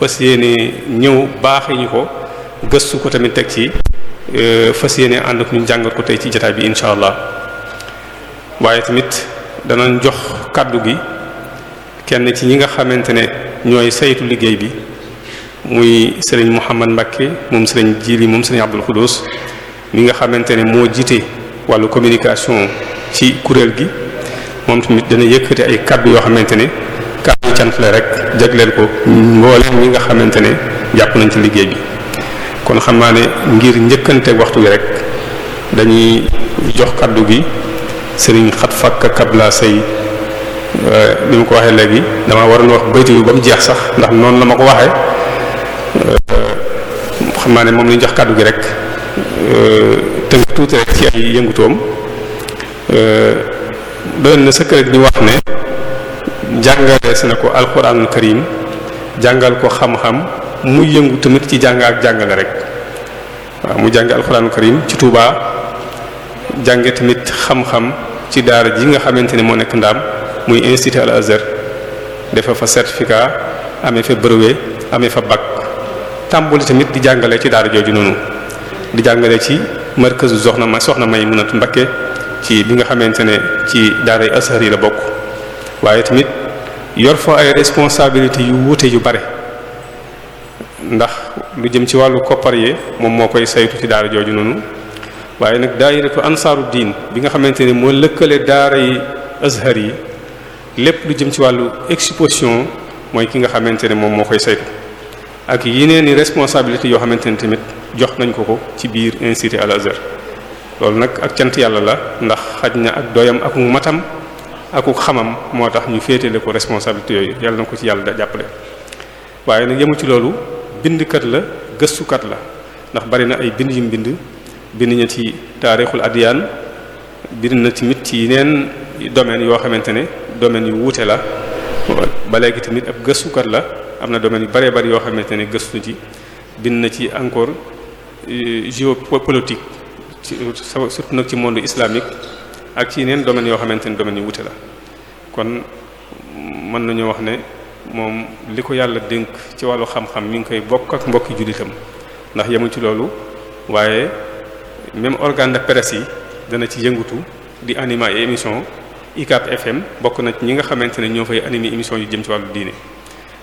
fas yéene ñëw baaxee ñu ko gëstu ko tamit teg ci euh, fas yéene ànd ak ñu jàngat ko tey ci jotaay bi incha allah waaye tamit danañ jox kàddu gi kenn ci ñi nga xamante ne ñooy saytu liggéey bi muy sëriñ Mouhamad Mbakke moom sëriñ yi moom sëriñ Abdul Xudus mi nga xamante ne moo jiite wàllu communication ci kuréel gi moom tamit dana yëkkate ay kàddu yoo xamante ne. kàddu cant la rek jagleel ko mboolem ñi nga xamante ne jàpp nañ ci liggéey bi kon xam naa ne ngir njëkkante waxtu wi rek dañuy jox kàddu gi sëriñ xat fakk kabla say bi euh, mu ko waxee léegi dama nu wax baytu bi ba mu jeex sax ndax noonu la ma ko waxee euh, xam naa ne moom lañu jox kàddu gi rek euh, tënk tuuti rek ci ay yëngutoom doon na sëkk rek ñu wax ne si na ko alquranul karim jàngal ko xam-xam mu yëngu tamit ci jàng ak jàngale rek waa mu jànge alquranul karim ci Touba jànge tamit xam-xam ci daara ji nga xamante ne moo nekk ndaam muy institut al defee fa certificat amee fa brevet amee fa bac tàmbali tamit di jàngale ci daara jooju noonu di jàngale ci markazu soxna ma soxna may mënatu mbakke ci bi nga xamante ne ci daara yi yi la bokk waaye tamit yor fa ay responsabilité yu wuute yu bare ndax lu jëm ci wàllu koppar yi moom moo koy saytu ci daara jooju noonu waaye nag daayiratu ansaaru diin bi nga xamante ne moo lëkkale daara yi azhar yi lépp lu jëm ci wàllu exposition mooy ki nga xamante ne moom moo koy saytu ak yeneen i responsabilité yoo xamante ne tamit jox nañ ko ko ci biir institut al azhar loolu nag ak cant yàlla la ndax xaj na ak doyam ak matam akuk xamam moo tax ñu féetee féetale ko responsabilité yooyu yàlla na ko ci yàlla da jàppale waaye nag yemu ci loolu bindkat la gëstukat la ndax bari na ay bind yu bind bind na ci taarixul adiyaan bind na tamit ci neen domaines yoo xamante ne domaines yu wuute la ba léegi tamit ab gëstukat la am na domaines yu bëree bëri yoo xamante ne gëstu ci bind na ci encore euh, géopolitique surtout nag ci monde islamique ak ci yeneen domaines yoo xamante ni domaines yu wute la kon mën nañu wax ne moom li ko yàlla dénk ci wàllu xam-xam mi ngi koy bokk ak mbokki jullitam ndax yemu ci loolu waaye même organe de presse yi dana ci yëngutu di animer ay émission FM bokk na ñi nga xamante ne ñoo fay animer émission yu jëm ci wàllu diine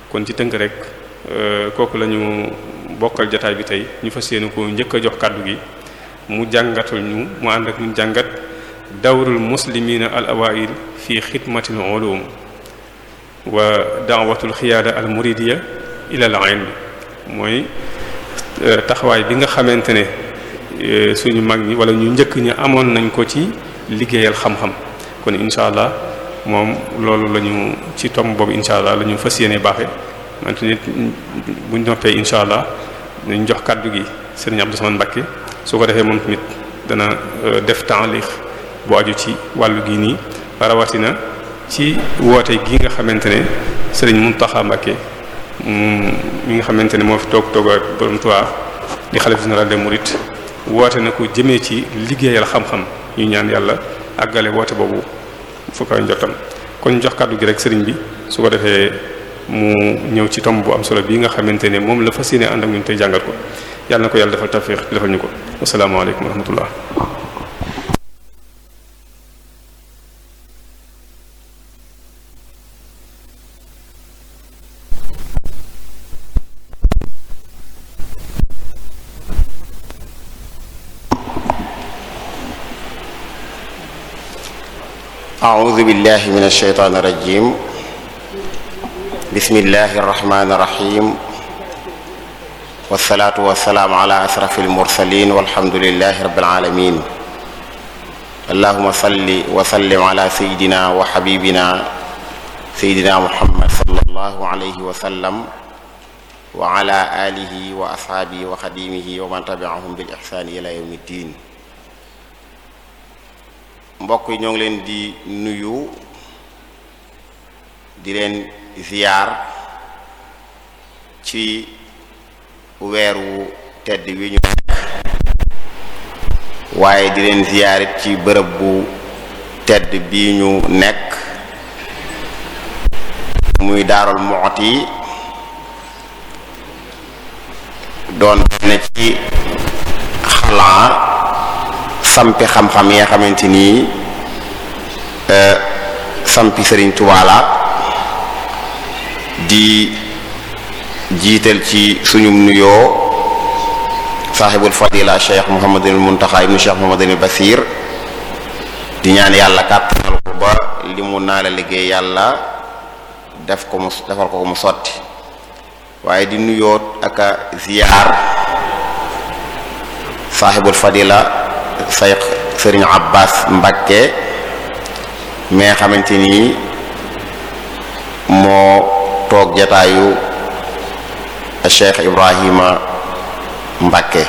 kon ci tënk rek euh, kooku la ñu bokkal jataay bi tey ñu fas yéene ko njëkk a jox kàddu gi mu jàngatul ñu mu ànd ak ñun jàngat dawrul muslimina al awail fi xidmatil ulum wa daawatul xiyaada al muridiya ila al ilm mooy taxawaay bi nga xamante ne e, suñu mag ñi wala ñu njëkk ñi amoon nañ ko ci liggéeyal xam-xam kon incha allah moom loolu lañu ci tomb boobu incha allah la ñu fas yéene baaxe mante nit buñ noppee incha allah dañ jox kàddu gi sëriñ Abdou Samane Mbacké su ko defee moom tamit dana e, def ta'liq bu aju ci wàllu gi nii rawatina ci woote gi nga xamante ne Serigne Mountakha Mbacké mi nga xamante ne moo fi toog toog ak borom Tuubaa woote na ko jëmee ci liggéeyal xam ñu ñaan yàlla àggale woote boobu fu koy kon jox gi rek sëriñ bi su ko defee mu ñëw ci tomb bu am solo bii nga xamante ne moom la fas yéene ànd ak ñun tey jàngal ko yàlla na ko yàlla defal tawfiq defal ñu ko asalaamaaleykum wa rahmatullah أعوذ بالله من الشيطان الرجيم بسم الله الرحمن الرحيم والصلاة والسلام على أشرف المرسلين والحمد لله رب العالمين اللهم صل وسلم على سيدنا وحبيبنا سيدنا محمد صلى الله عليه وسلم وعلى آله وأصحابه وخديمه ومن تبعهم بالإحسان إلى يوم الدين mbokk yi ñoo ngi leen di nuyu di leen ziyaar ci weer wu tedd wi ñu waaye di leen ziyaarit ci bërëb bu tedd bi ñu nekk muy Daarul Muxti doon benn ci xalaa sampi xam-xam yi nga xamante ni euh, sampi sëriñ tubaala la di jiital ci suñu nuyoo saaxibul fadila cheikh muhammadul muntaxa ibnu cheikh muhammadul basir di ñaan yàlla kàttanal ko ba li mu naa la liggéey yàlla def ko mu defal ko mu sotti waaye di nuyoot ak ziyaar saaxibul fadila sayx sëriñ Abbas Mbakke mi nga xamante ni moo toog jataayu Cheikh Ibrahima Mbakke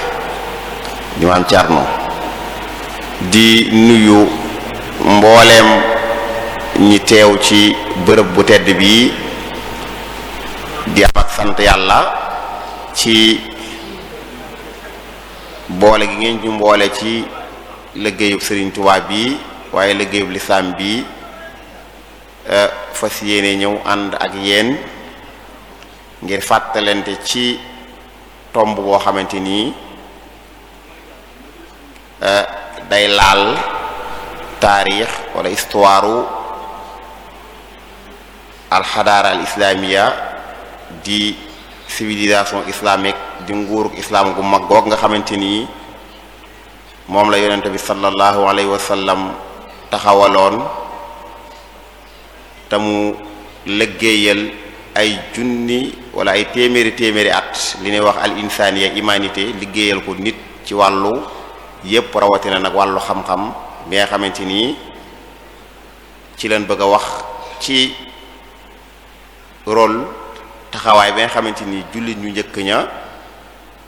di maam Thierno di nuyu mbooleem ñi teew ci bërëb bu tedd bi di am ak sant yàlla ci boole gi ngeen ñu mboole ci liggéeyub sëriñ Touba bii waaye liggéeyub lislaam bii e, fas yéene ñëw ànd ak yéen ngir fàttalente ci tomb boo xamante nii e, day laal taarix wala histoire alxadaara al islaamiya di civilisation islamique di nguurug islaam gu mag goog nga xamante nii moom la yonent bi sallallahu alayhi wa sallam taxawaloon te mu liggéeyal ay junni wala ay téeméeri téeméeri at li ñuy wax al insaniya humanité liggéeyal ko nit ci wàllu yépp rawatina nag wàllu xam-xam bi nga xamante ni ci leen bëgg a wax ci rol taxawaay bi nga xamante ni jullit ñu njëkk ña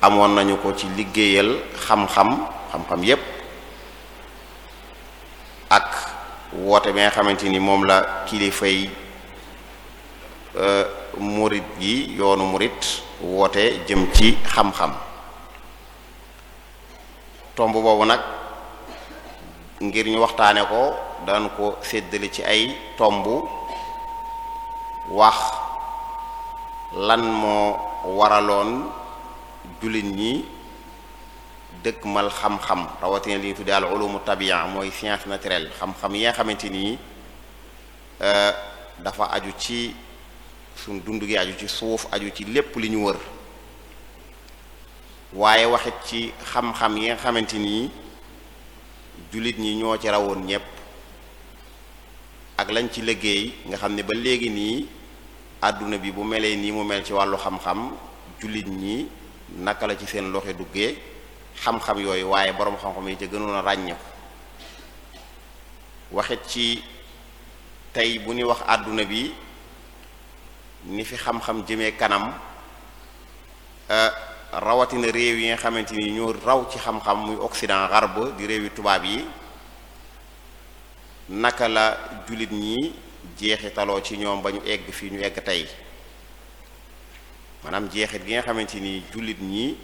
amoon nañu ko ci liggéeyal xam-xam xam-xam yépp ak woote bi nga xamante ni moom la kilifay euh, murit gi yoonu murit woote jëm ci xam-xam tomb boobu nag ngir ñu waxtaane ko daan ko séddale ci ay tomb wax lan moo waraloon jullit ñi dëkkmal xam-xam rawatina li ñu tuddee al ulumu tabia mooy science naturelle xam-xam yi nga xamante ni euh, dafa aju ci suñ dund gi aju ci suuf aju ci lépp li ñu wër waaye waxit ci xam-xam yi nga xamante ni jullit ñi ñoo ci rawoon ñépp ak lañ ci liggéey nga xam ne ba léegi nii àdduna bi bu melee nii mu mel ci wàllu xam-xam jullit ñi naka la ci seen loxo duggee xam-xam yooyu waaye boroom xam-xam yi ca gënoon a ràññe ko waxit ci tey bu ñu wax àdduna bi ni fi xam-xam jëmee kanam eh, rawatina réew yi nga xamante ni ñoo raw ci xam-xam muy Occident Gharb di réewi tubaab yi naka la jullit ñi jeexitaloo ci ñoom ba ñu egg fii ñu egg tey maanaam jeexit gi nga xamante ni jullit ñi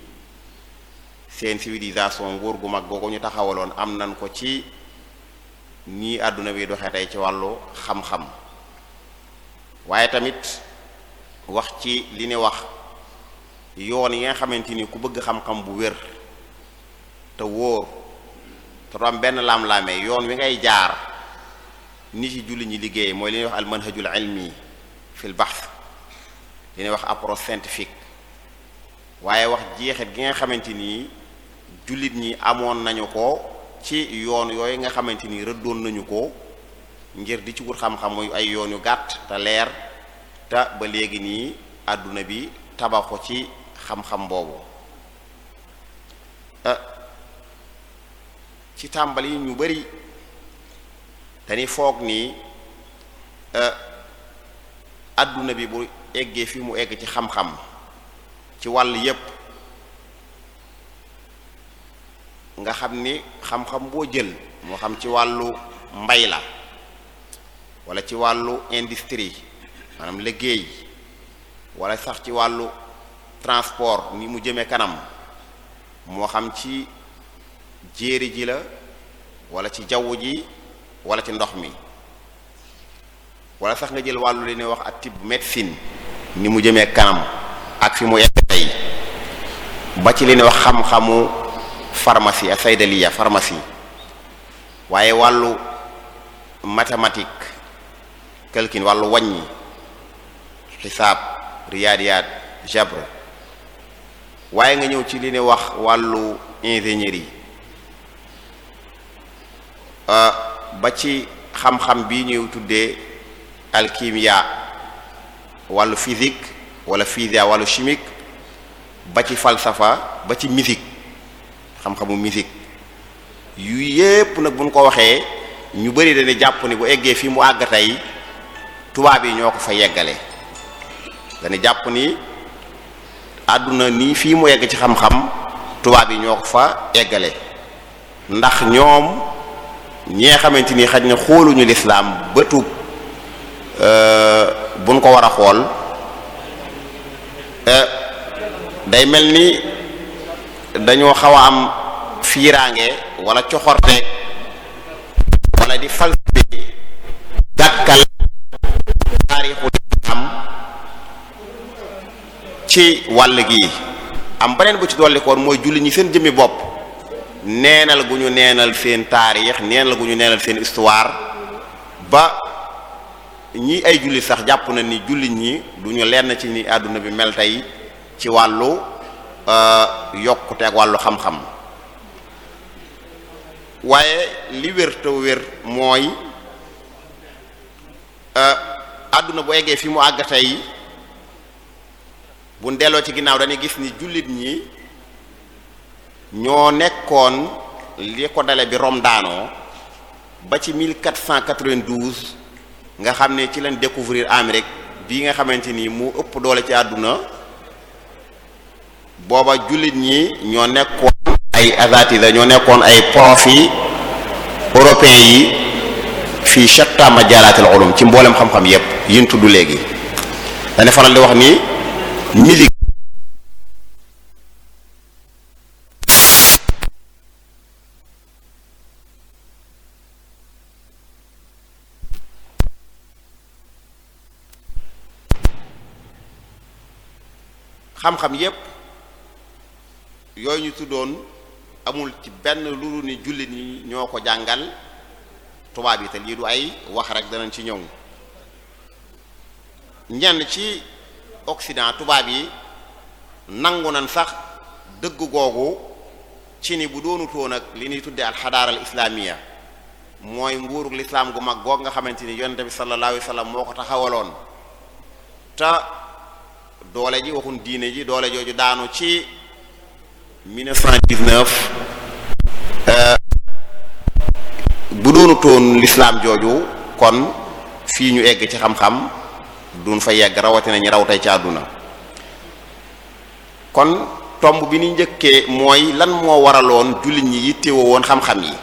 seen civilisation nguur gu mag googu ñu taxawaloon am nan ko ci nii àdduna bi doxe tey ci wàllu xam-xam waaye tamit wax ci li ni wax yoon yi nga xamante ni ku bëgg xam-xam bu wér te wóor te am benn laam-laamee yoon wi ngay jaar ni ci julli ñi liggéey mooy li ñuy wax al manhajul ilmi fil bahth li ñuy wax approche scientifique waaye wax jeexit gi nga xamante jullit ñi amoon nañu ko ci yoon yooyu nga xamante ni rëddoon nañu ko ngir di ci wut xam-xam ay yoon yu gàtt te leer te ba léegi nii àdduna bi tabaxu ci xam-xam boobu euh, ci tàmbali ñu bari dañuy foog ni euh, àdduna bi bu eggee fi mu egg ci xam-xam ci wàll yépp nga xam ni xam-xam boo jël moo xam ci wàllu mbay la wala ci wàllu industrie maanaam liggéey walla sax ci wàllu transport ni mu jëmee kanam moo xam ci jéeri ji la walla ci jaww ji wala ci ndox mi wala sax nga jël wàllu li ñuy wax ak tibb médecine ni mu jëmee kanam ak fi mu egg tey ba ci li ñuy wax xam-xamu pharmacie ak saydaliya pharmacie waaye wàllu mathématique calcul wàllu wàññi xisaab riyaadiyaat jabr waaye nga ñëw ci li ne wax wàllu ingénierie euh, ba ci xam-xam bi ñuy tuddee alkimia wàllu physique walla physique wàllu chimique ba ci falsafa ba ci musique xam-xamu musique yu yépp nag buñ ko waxee ñu bari dañuy jàpp ni bu eggee fii mu àgg tey tubaab yi ñoo ko fa yeggale dañuy jàpp ni àdduna nii fii mu yegg ci xam-xam tubaab yi ñoo ko fa eggale ndax ñoom ñee xamante ni xaj na xooluñu lislaam bëtub euh, buñ ko war a xool euh, day mel ni dañoo xaw a am fiiraange wala coxorte wala di falsifié gàkkal taarixu am ci wàll gi am beneen bu ci dollikoon mooy julli ñi seen jëmmi bopp neenal gu ñu neenal seen taarix neenal gu ñu neenal seen histoire ba ñi ay julli sax jàpp na ni julli ñi duñu lenn ci ni àdduna bi mel tey ci wàllu yokkute ak wàllu xam-xam waaye li wér te wér mooy àdduna bu eggee fi mu àgg tey bu delloo ci ginnaaw dañuy gis ni jullit ñi ñoo nekkoon li ko dale bi Rome daanoo ba ci 1492 nga xam ne ci leen découvrir Amérique bi nga xamante ni mu ëpp doole ci àdduna booba jullit ñi ñoo nekkoon ay asatida ñoo nekkoon ay prof yi européens yi fii shatta majalaatil ulum ci mboolem xam-xam yépp tudd léegi dana faral ni mili xam-xam yépp yooyu ñu tuddoon amul ci benn lu ni jullit ñi ñoo ko jàngal tubaab yi te lii du ay wax rek danañ ci ñëw ñenn ci Occident tubaab yi nangu nañ sax dëgg googu ci ni bu doonutoon ak li ñuy tuddee alxadaara islaamiya mooy nguurug lislaam gu mag goog nga xamante ni yonente bi sallallahu alayhi moo ko taxawaloon te doole ji waxun diine ji doole jooju daanu ci 1919 euh, bu doonutoon lislaam jooju kon fii ñu egg ci xam-xam duñ fa yegg rawatina ñi raw ci àdduna kon tomb bi ni njëkkee mooy lan moo waraloon jullit ñi yittewoo woon xam-xam yi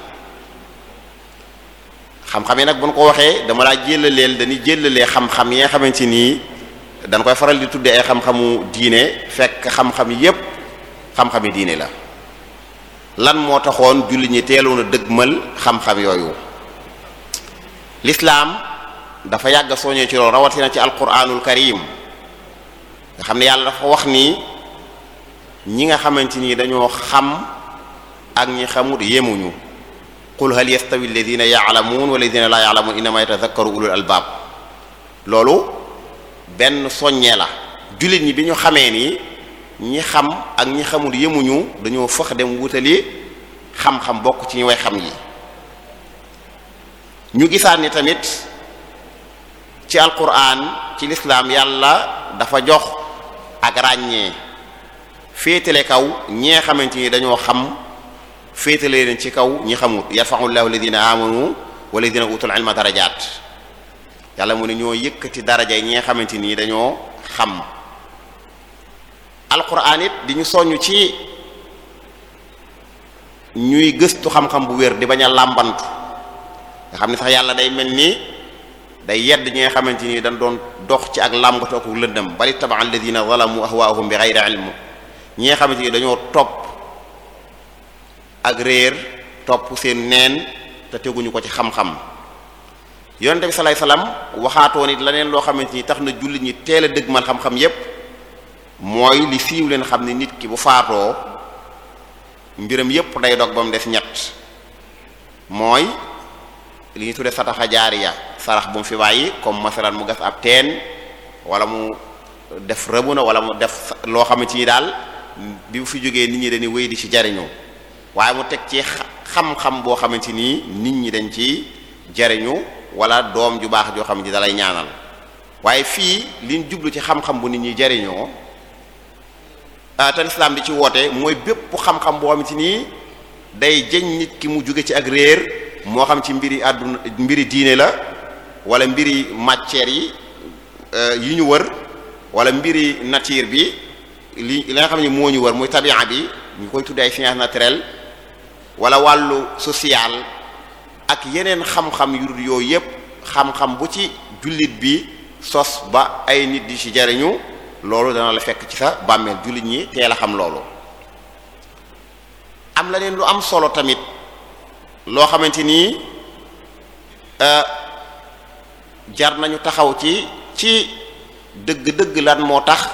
xam-xam yi nag bu ñu ko waxee dama laa jëlaleel dañuy jëlalee xam-xam yi nga xamante nii dañ koy faral di tuddee ay xam-xamu diine fekk xam-xam yépp xam-xami diine la lan moo taxoon julli ñi teeloon a dëgmal xam-xam yooyu lislaam dafa yàgg soññee ci loolu rawatina ci alquranul karim nga xam ne yàlla dafa wax ni ñi nga xamante nii dañoo xam ak ñi xamut yemuñu qul hal yastawi alladina yaalamuun walladina laa yaalamuun innama yatadakkaru ulul albaab loolu benn soññee la jullit ñi bi ñu xamee nii ñi xam ak ñi xamul yemuñu dañoo fëx dem wutali xam-xam bokk ci ñi way xam yi ñu gisaan ni tamit ci alquran ci lislaam yàlla dafa jox ak ràññee féetale kaw ñee xamante ni dañoo xam féetale leen ci kaw ñi xamul yarfa'u llahu alladhina amanu walladhina utul ilma darajaat yàlla mu ne ñoo yëkkati daraja ñee xamante ni dañoo xam alquran it di ñu soññ ci ñuy gëstu xam-xam bu wér di bañ a làmbantu nga xam ne sax yàlla day mel nii day yedd ñi nga xamante ni dañ doon dox ci ak làmbatu ak lëndëm bal ittaba alladina zalamu ahwaahum bi gayri ilm ñi nga xamante ni dañoo topp ak réer topp seen neen te teguñu ko ci xam-xam yonente bi sallallahu alayhi wasallam waxaatoon it leneen loo xamante ni tax na jullit ñi teel a dëgmal xam-xam yépp mooy li siiw leen xam ne nit ki bu faatoo mbiram yépp day dog ba mu def ñett mooy li ñu tudde sataxa jaariya sarax bu mu fi bàyyi comme masalan mu gas ab teen wala mu def rëbu na wala mu def loo xamante ni daal bi mu fi jógee nit ñi dañuy wéy di ci jariñoo waaye mu teg ci xam-xam boo xamante ni nit ñi dañ ci jariñu wala doom ju baax joo xam ne dalay ñaanal waaye fii liñ jublu ci xam-xam bu nit ñi jariñoo Euh, te lislaam di ci woote mooy bépp xam-xam boo xam ci nii day jëñ nit ki mu jóge ci ak réer moo xam ci mbiri àdduna mbiri diine la wala mbiri matière yi euh, yi ñu wër wala mbiri nature bi li li xam ni moo ñu wër muy tabia bi ñu koy tuddee ay sciences naturelles wala wàllu social ak yeneen xam-xam yu dul yooyu yépp xam-xam bu ci jullit bi sos ba ay nit di ci jariñu loolu dana la fekk ci sa bàmmeel jullit ñi teel a xam loolu am la neen lu am solo tamit loo xamante nii euh, jar nañu taxaw ci ci dëgg-dëgg lan moo tax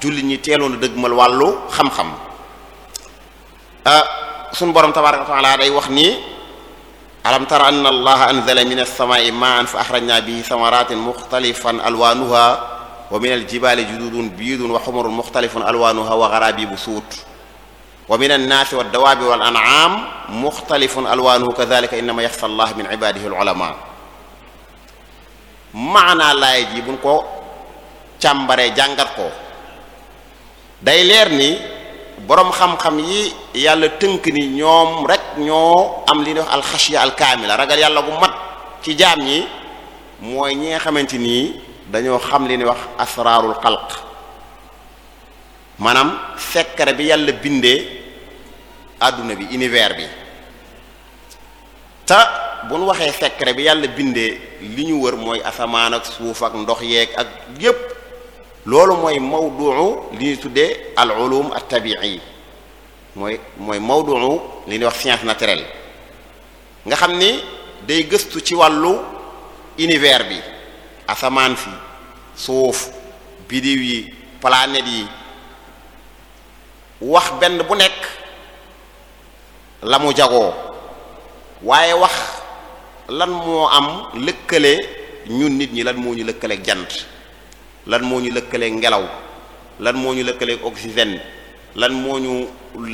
jullit ñi teeloon dëgg mal wàllu xam-xam euh, suñ borom tabaraka wa taala day wax nii alam tara anna allaha anzala min sama samaai ma'an fa akhrajna bihi thamaratin mukhtalifan alwanuha wa min aljibaali jududun biidun wa xumarun muxtalifun alwaanuha wa bu suud wa min annaasi wa dawaabi wal an'aam muxtalifun alwaanuhu kadalika innama yaxsa allah min ibaadihi alulamaa maanaa laay ji ko càmbaree jàngat ko day leer ni boroom xam-xam yi yàlla tënk ni ñoom rek ñoo am li ñuy wax alxashiya alkaamila ragal yàlla gu mat ci jaam ñi mooy ñi nii dañoo xam li ni wax asraarul xalq maanaam secret bi yàlla bindee àdduna bi univers bi te bu nu waxee secret bi yàlla bindee li ñu wër mooy asamaan ak suuf ak ndox yeeg ak yépp loolu mooy mawduu li ñu tuddee al ulum at tabi'i mooy mooy mawduu li ñuy wax science naturelle nga xam ni day gëstu ci wàllu univers bi asamaan si suuf bidiw yi planètes yi wax benn bu nekk la mu jagoo waaye wax lan moo am lëkkale ñun nit ñi lan moo ñu lëkkaleeg jant lan moo ñu lëkkaleeg ngelaw lan moo ñu lëkkaleeg oxygène lan moo ñu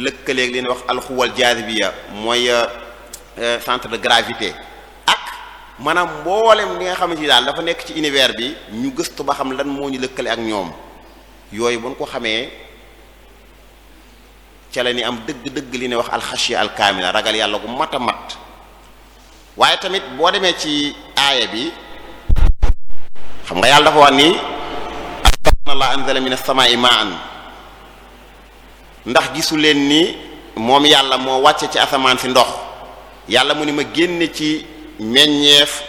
lëkkaleeg li ñuy wax alxuwal jaasibiya mooy euh, centre de gravité maanaam mboolem li nga xamante ni daal dafa nekk ci univers bi ñu gëstu ba xam lan moo ñu lëkkale ak ñoom yooyu bu ñu ko xamee ca la ni am dëgg-dëgg li ne wax alxasiya alkaamila ragal yàlla gu mat a mat waaye tamit boo demee ci aaya bi xam nga yàlla dafa wax ni allah anzala min ndax gisu leen ni moom yàlla moo wàcce ci asamaan si ndox yàlla mu ni ma génne ci meññeef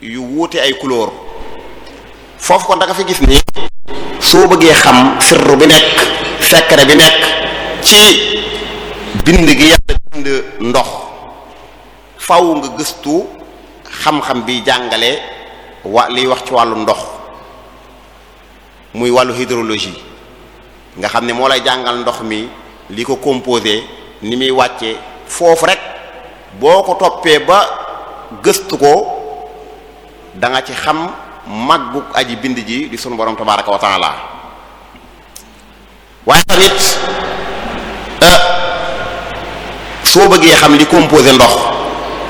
yu wuute ay couleur foofu ko da nga fi gis ni soo bëggee xam sirru bi nekk secret bi nekk ci bind gi yàlla bind ndox faw nga gëstu xam-xam bi jàngale wa liy wax ci wàllu ndox muy wàllu hydrologie nga xam ne moo lay jàngal ndox mi li ko composé ni muy wàcce foofu rek boo ko toppee ba gëstu ko danga ci xam màggu aji bind ji di sunu borom tabaraka wa waaye tamit euh, soo bëggee xam li composé ndox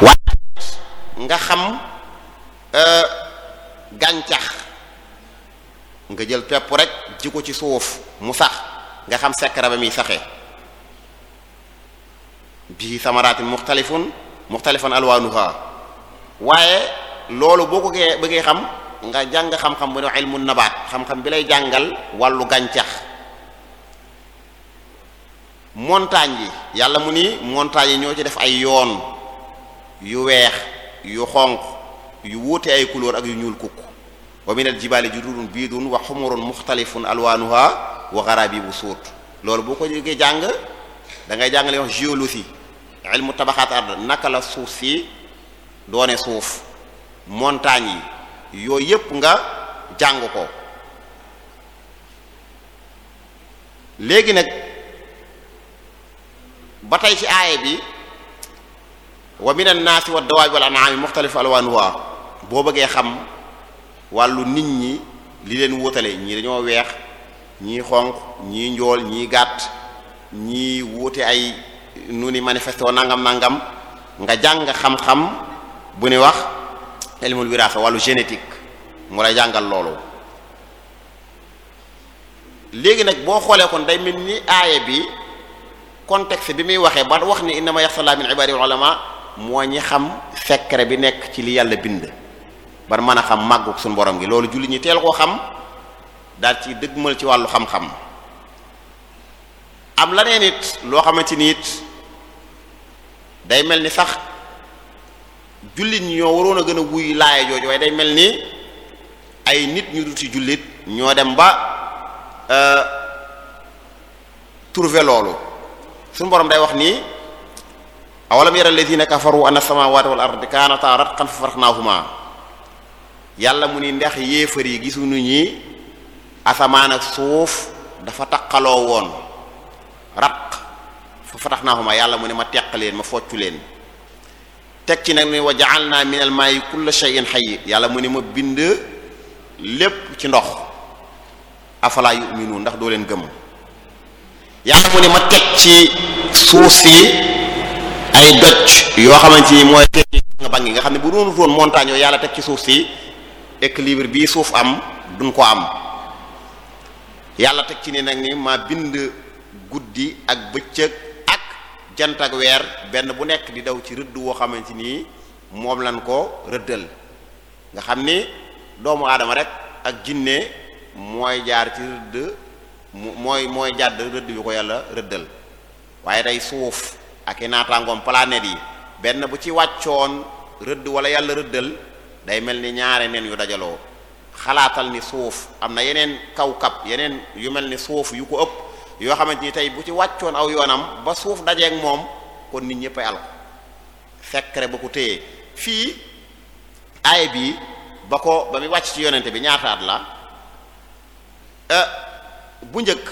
waaye nga xam euh, gàncax nga jël pepp rek ji ko ci suuf mu sax nga xam secret ba muy saxee bii samaratin muxtalifun muxtalifan alwaanuha waaye loolu boo ko gee bëggee xam nga jàng xam-xam bu ne ilmu nabaat xam-xam bi lay jàngal wàllu gàncax montagne yi yàlla mu ni montagne yi ñoo ci def ay yoon yu weex yu xonq yu wuute ay couleur ak yu ñuul kukk wa minal jibaali jududun biidun wa xumurun muxtalifun alwaanuha wa garabibu suud loolu boo ko jógee jàng da ngay jàng li wax géologie ilmu tabaxaat ard naka la suuf si doone suuf montagne yi yooyu yépp nga jàng ko léegi nag ba tey ci aaya bi wa min annaasi wa dawaabi wal an'aami muxtalifu alwaanuha boo bëggee xam wàllu nit ñi li leen wóotale ñii dañoo weex ñii xonq ñii njool ñii gàtt ñii wuute ay nu ni manifesté nangam nangam nga jàng xam-xam bu ñuy wax ilmul wirasa wàllu génétique mu lay jàngal loolu léegi nag boo xoolee kon day mel ni aaya bi contexte bi muy waxee ba wax ni innama yaxsalla min ibadi ulama moo ñi xam secret bi nekk ci li yàlla bind ba mën a xam màggug suñu borom gi loolu julli ñi teel koo xam daal ci dëggmal ci wàllu xam-xam am la nee nit loo xamante ni it day mel ni sax jullit ñi ñoo waroon a gën a wuy laaya jooju waaye day mel ni ay nit ñu dul ci jullit ñoo dem ba euh, trouver loolu suñu borom day wax nii awalam yara alladhina kafaru anna samawati wal ardi kanata ratqan fa faraqnahuma yàlla mu ni ndax yéefar yi gisuñu ñi asamaan ak suuf dafa taqaloo woon raq fa fataxnahuma yàlla mu ne ma teq leen ma foccu leen teg ci nag ni wa ja'alna min al ma'i kulla shay'in hayy yàlla mu ne ma bind lépp ci ndox afala yu'minu ndax doo leen gëm yàlla mu ne ma teg ci suuf si ay doj yoo xamante ni mooy nga bangi nga xam ne bu doon woon montagne yàlla teg ci suuf si équilibre bii suuf am duñ ko am yàlla teg ci ne nag ni ma bind guddi ak bëccëg jant ak weer benn bu nekk di daw ci rëdd woo xamante ni moom lan ko rëddal nga xam ni doomu aadama rek ak jinne mooy jaar ci rëdd mooy mooy jàdd rëdd yu ko yàlla rëddal waaye day suuf ak i naataangoom planètes yi benn bu ci wàccoon rëdd wala yàlla rëddal day mel ni ñaare nen yu dajaloo xalaatal ni suuf am na yeneen kawkab yeneen yu mel ni suuf yu ko ëpp yoo xamante ni tey bu ci wàccoon aw yoonam ba suuf dajeeg moom kon nit ñëpp ay alko ba ko téyee fii aay bi ba ko ba muy wàcc ci yonente bi ñaata at la euh, bu njëkk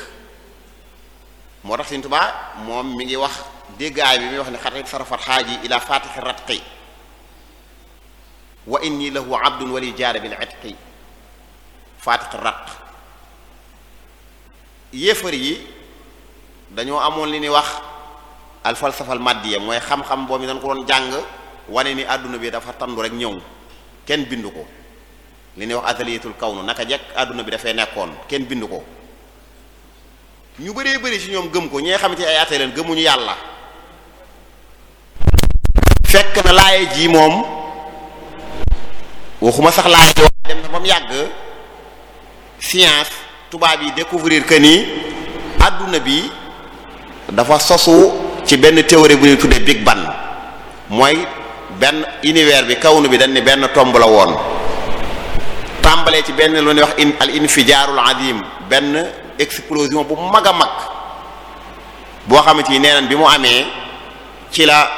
moo tax Sëriñ Tuubaa moom mi ngi wax dégg aay bi mi wax ne xatit sarafat xaaji ila fatixi ratqi wa inni lahu abdun wali jaare bil itqi fatixi ratq yéefar yi dañoo amoon li ni wax al safal maddiya mooy xam-xam boobu dañ ko doon jàng wane ni àdduna bi dafa tandu rek ñëw kenn bindu ko li ni wax azaliyatul kawnu naka jekk àdduna bi dafay nekkoon kenn bindu ko ñu bëree bari ci ñoom gëm ko ñi nga xamante ay atee gëmuñu yàlla fekk na laaye ji moom waxuma sax laaye ji waaye dem na ba mu yàgg science tubaab yi découvrir que nii àdduna bi dafa sosu ci benn théorie bu ñuy tuddee Big Bang mooy benn univers bi kawnu bi dañ ni benn tomb la woon tàmbalee ci benn lu ñuy wax in al infijaarul azim benn explosion bu mag a mag boo xamante ni nee bi mu amee ci la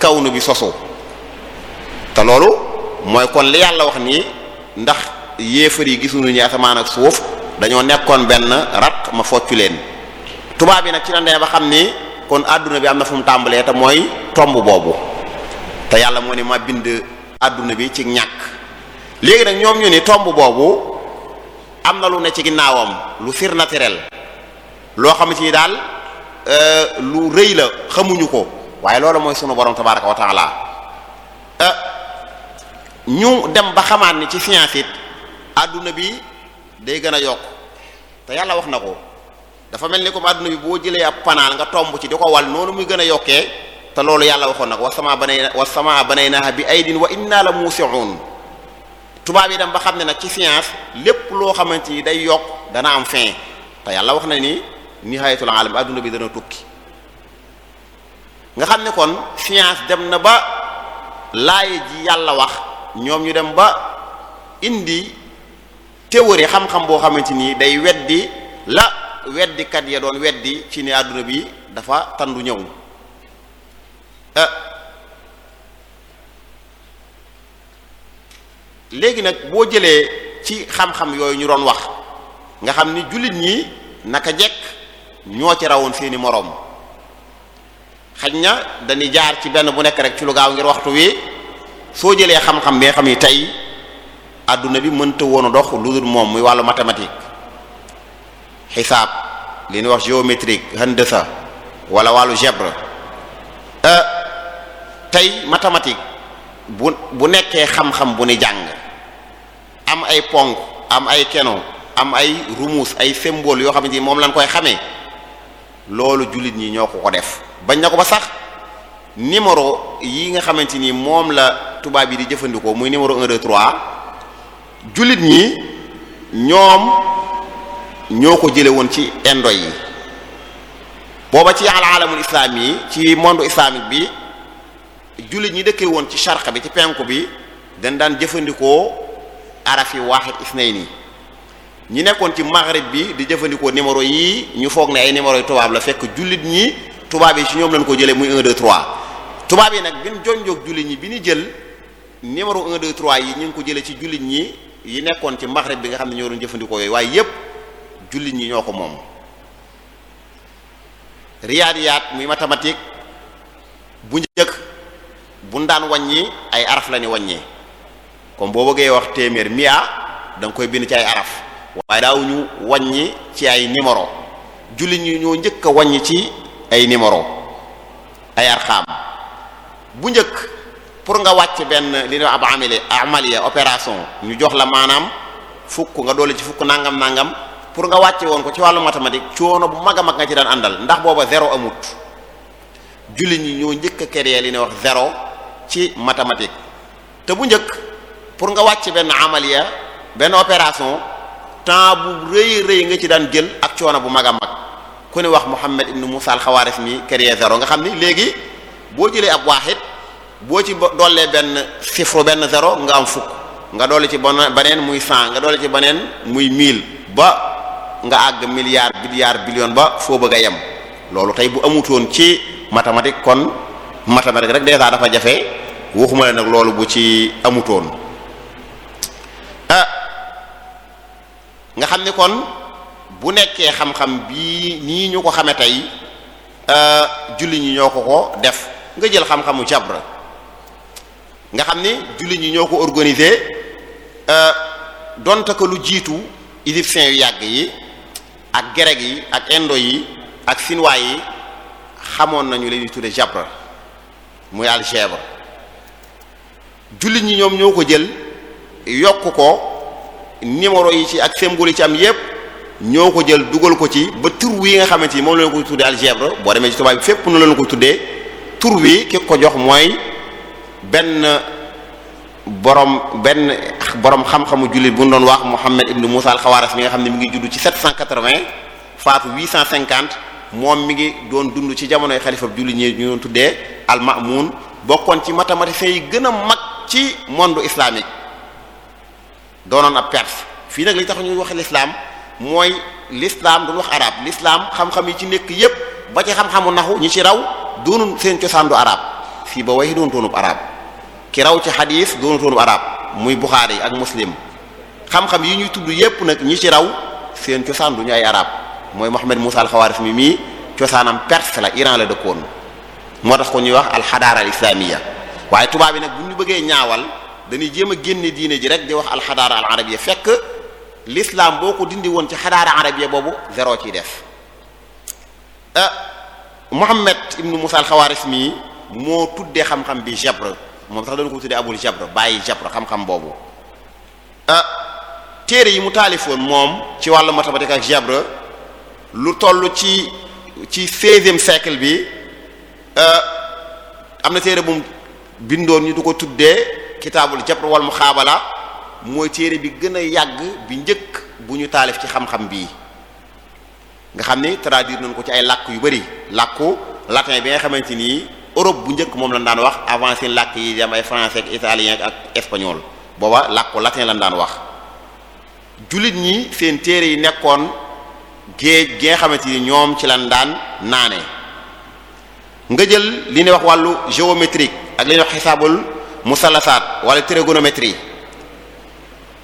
kawnu bi sosu te loolu mooy kon li yàlla wax nii ndax yéefar yi gisuñu ñu asamaan ak suuf dañoo nekkoon benn raq ma foccu leen tubaab yi nag ci la ndee ba xam ni kon àdduna bi am na fu mu tàmbalee te mooy tomb boobu te yàlla moo ni ma bind àdduna bi ci ñàkk léegi nag ñoom ñu ni tomb boobu am na lu ne ci ginnaawam lu surnaturel loo xam ci daal euh, lu rëy la xamuñu ko waaye loolu mooy sunu borom tabaraka wa taala euh, ñu dem ba xamaat ni ci science àdduna bi day gën a yokk te yàlla wax na ko dafa mel ni comme adduna bi boo jëlee ab panaal nga tomb ci di ko wal noonu muy gën a yokkee te loolu yàlla waxoon nag wasamaa banay wasamaa banaynaha bi ay aydin wa inna la muusi'un tubaab yi dem ba xam ne nag ci science lépp loo xamante ni day yokk dana am fin te yàlla wax na ni nihayatul alam adduna bi dana tukki nga xam ne kon science dem na ba lay ji yàlla wax ñoom ñu dem ba indi théorie xam-xam boo xamante ni day weddi la weddikat ya doon weddi ci ne àdduna bi dafa tandu ñëw eh, léegi nag boo jëlee ci xam-xam yooyu ñu doon wax nga xam ni jullit ñi naka jekk ñoo ci rawoon seeni moroom xaj na dañuy jaar ci benn bu nekk rek ci lu gaaw ngir waxtu wi soo jëlee xam-xam bi xam yi tey àdduna bi mënta woon a dox lu dul moom muy wàllu mathématique xisaab li ñuy wax géométrique handesa wala wàllu gèbre euh, tey mathématique bu bu nekkee xam-xam bu ne jàng am ay ponk am ay keno am ay rumus ay symbole yoo xamante ni moom lañ koy xamee loolu jullit ñi ñoo ko def bañ ko sax numéro yi nga xamante ni moom la tubaab yi di jëfandikoo muy numéro 1 2 3 jullit ñi ñoom ñoo ko jële woon ci indo yi booba ci alaalamul islaami yi ci monde islamique bi jullit ñi dëkkee woon ci charq bi ci penku bi dañ daan jëfandikoo araf yi waaxit isnayni ñi nekkoon ci maghrib bi di jëfandikoo numéro yi ñu foog ne ay numéro yu tubaab la fekk jullit ñi tubaab yi ci ñoom lañ ko jëlee muy 1 2 3 tubaab yi nag bi ñu jonjoog jullit ñi bi ñu jël numéro 1 2 3 yi ñu ngi ko jëlee ci jullit ñi yi nekkoon ci maghrib bi nga xam ne ñoo doon jëfandikoo yooyu waaye jullit ñi ñoo ko moom riyaadiyaat muy mathématique bu njëkk bu daan wàññi ay araf lañu ni wàññee boo bëggee wax téeméer mia da koy bind ci ay araf waaye daawuñu waññi ci ay numéro jullit ñi ñoo njëkk a wàññi ci ay numéro ay arxaam bu njëkk pour nga wàcc benn li ñuy wax ab amali amaliya opération ñu jox la maanaam fukk nga doole ci fukk nangam nangam pour nga wàcce woon ko ci wàllu mathématique coono bu mag mag nga ci daan àndal ndax booba zéro amut jullit ñi ñoo njëkk a créer li ne wax zéro ci mathématique te bu njëkk pour nga wàcc benn amaliya benn opération temps bu rëy rëy nga ci daan jël ak coono bu mag a mag ku ne wax Muhammad ibn Musa al-Khawarizmi créer zéro nga xam ni léegi boo jëlee ak waaxit boo ci dollee benn chiffre benn zéro nga am fukk nga dolli ci beneen muy cent nga dolli ci beneen muy mille ba nga àgg milliard milliard billion ba foo bëgg a yem loolu tey bu amutoon ci mathématique kon mathématique rek déjà dafa jafe waxuma la nag loolu bu ci amutoon ah nga xam ni kon bu nekkee xam-xam bii nii ñu ko xame tey ah, julli ñi ñoo ko ko def nga jël xam-xamu jabr nga xam ni julli ñi ñoo ko organisé ah, donte ko lu jiitu égyptiens yu yàgg yi ak grec yi ak indo yi ak finnois yi xamoon nañu li ñuy tudde jabre muy algèbre jullit ñi ñoom ñoo ko jël yokk ko numéro yi ci ak symbole yi ci am yépp ñoo ko jël dugal ko ci ba tur wi nga xamante ni moom la koy tuddee algèbre boo demee ci tubaab bi fépp nu la ñu koy tuddee tur wi ki ko jox mooy benn borom benn borom xam-xamu jullit bu ñu doon wax Muhammad ibn Musa al-Khawaras mi nga xam ne mu ngi judd ci 780 faatu 850 moom mi ngi doon dund ci jamonoy xalifa jullit ñi ñu doon tuddee al-Ma'mun bokkoon ci mathématiciens yi gën a mag ci monde islamique doonoon ab perse fii nag li tax ñuy wax l'islam mooy l'islam du wax arab lislaam xam-xam yi ci nekk yépp ba ci xam-xamu naxu ñi ci raw doonul seen cosaan du arab fii ba way doon toonub arab ki raw ci xadiis doonutoonu arab muy buxaari yi ak muslim xam-xam yi ñuy tudd yépp nag ñi ci raw seen cosaan du ay arab mooy Muhammad Musa al-Khawarizmi mii cosaanam perse la Iran la dëkkoon moo tax ko ñuy wax alxadaara al islamiya waaye tubaab yi nag bu bëggee ñaawal dañuy jéem a génne diine ji rek di wax alxadaara al arabiya fekk l'islam boo dindi woon ci xadaara arabiya boobu zéro ciy def ah, Muhammad ibnu Musa al-Khawarizmi moo tuddee xam-xam bi jabr moom sax doon ko tuddee abul jabra bàyyi jabra xam-xam boobu ah téere yi mu taalifoon moom ci wàllu mathématique ak jabra lu toll ci ci seizième siècle bi ah, am na téere bu mu bindoon ñu du ko tuddee kitaabul jabr wal mu xaabala mooy téere bi gën a yàgg bi njëkk bu ñu taalif ci xam-xam bii nga xam ni traduire nañ ko ci ay làkk yu bari làkku latin bi nga xamante Europe bu njëkk moom lan daan wax avant seen làkk yi dem ay français ak italien ak espagnol booba làkku latin lañ daan wax jullit ñi seen téere yi nekkoon géej gi nga xamante ni ñoom ci lan daan naane nga jël li ñuy wax wàllu géométrique ak li ñuy wax xisaabul musalasaat wala trigonométrie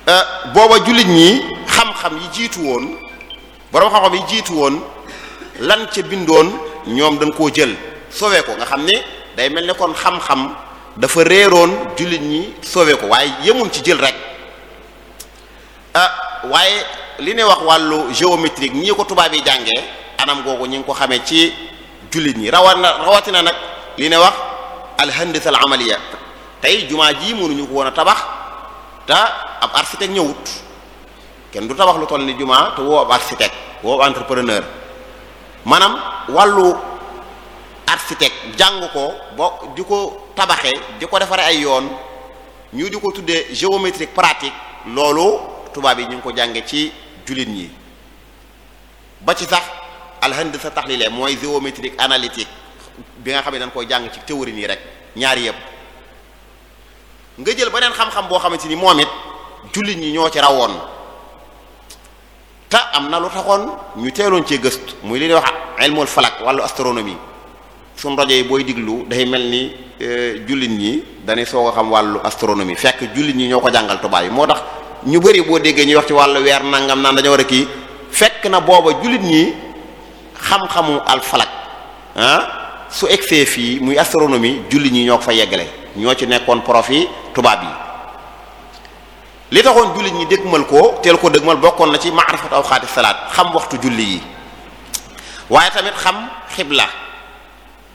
euh, booba jullit ñi xam-xam yi jiitu woon borom xam-xam yi jiitu woon lan ca bindoon ñoom dañ koo jël sauvé ko nga xam ne day mel ne kon xam-xam dafa réeroon jullit ñi sauvé ko waaye yemuñ ci jël rek ah waaye li ne wax wàllu géométrique ñii ko tubaab yi jàngee anam googu ñi ngi ko xamee ci jullit ñi rawat na rawatina nag li ne wax alhandisa al tey jumaa jii mënuñu ko woon a tabax te ab architecte ñëwut kenn du tabax lu toll ni jumaa te woo ab architecte woo entrepreneur maanaam wàllu architecte jàng ko bo di ko tabaxee di ko defaree ay yoon ñu di ko tuddee géométrique pratique loolu tubaab yi ñu ngi ko jànge ci jullit ñi ba ci sax sa taxlilee mooy géométrique analytique bi nga xam ne dañ koy jàng ci théorie yi rek ñaari yëpp nga jël beneen xam-xam boo xamante ni moom it jullit ñi ñoo ci rawoon te am na lu taxoon ñu teeloon cee gëstu muy li ñuy wax ilmul falak wàllu astronomie su rajo yi booy diglu day mel ni euh, jullit ñi dañuy soog a xam wàllu astronomie fekk jullit ñi ñoo ko jàngal tubaab yi moo tax ñu bëri boo déggee ñuy wax ci wàllu weer nangam naan dañoo war a kii fekk na booba jullit ñi xam-xamu alfalak ah su egsee fii muy astronomie jullit ñi ñoo ko fa yeggale ñoo ci nekkoon prof yi tubaab yi li taxoon jullit ñi dëgmal ko teel ko dëgmal bokkoon na ci maarifat awqaati salaat xam waxtu julli yi waaye tamit xam xibla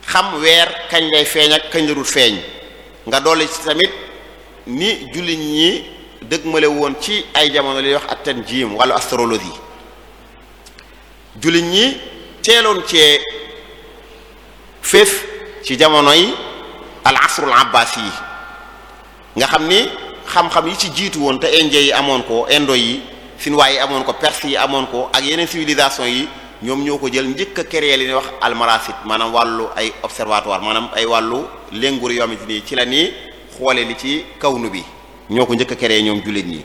xam weer kañ lay feeñ ak kañ la feeñ nga doole ci tamit ni jullit ñi dëgmale woon ci ay jamono li wax at tanjiim wala astrologie jullit ñi teeloon ci fés ci jamono yi al asrul abbas yi nga xam ni xam-xam yi ci jiitu woon te indien yi amoon ko indo yi finnois yi amoon ko perse yi amoon ko ak yeneen civilisation yi ñoom ñoo ko jël njëkk a li ñuy wax almarasit maanaam wàllu ay observatoire maanaam ay wàllu lengur yoo xamante ni ci la ni xoole li ci kawnu bi ñoo ko njëkk a ñoom jullit ñi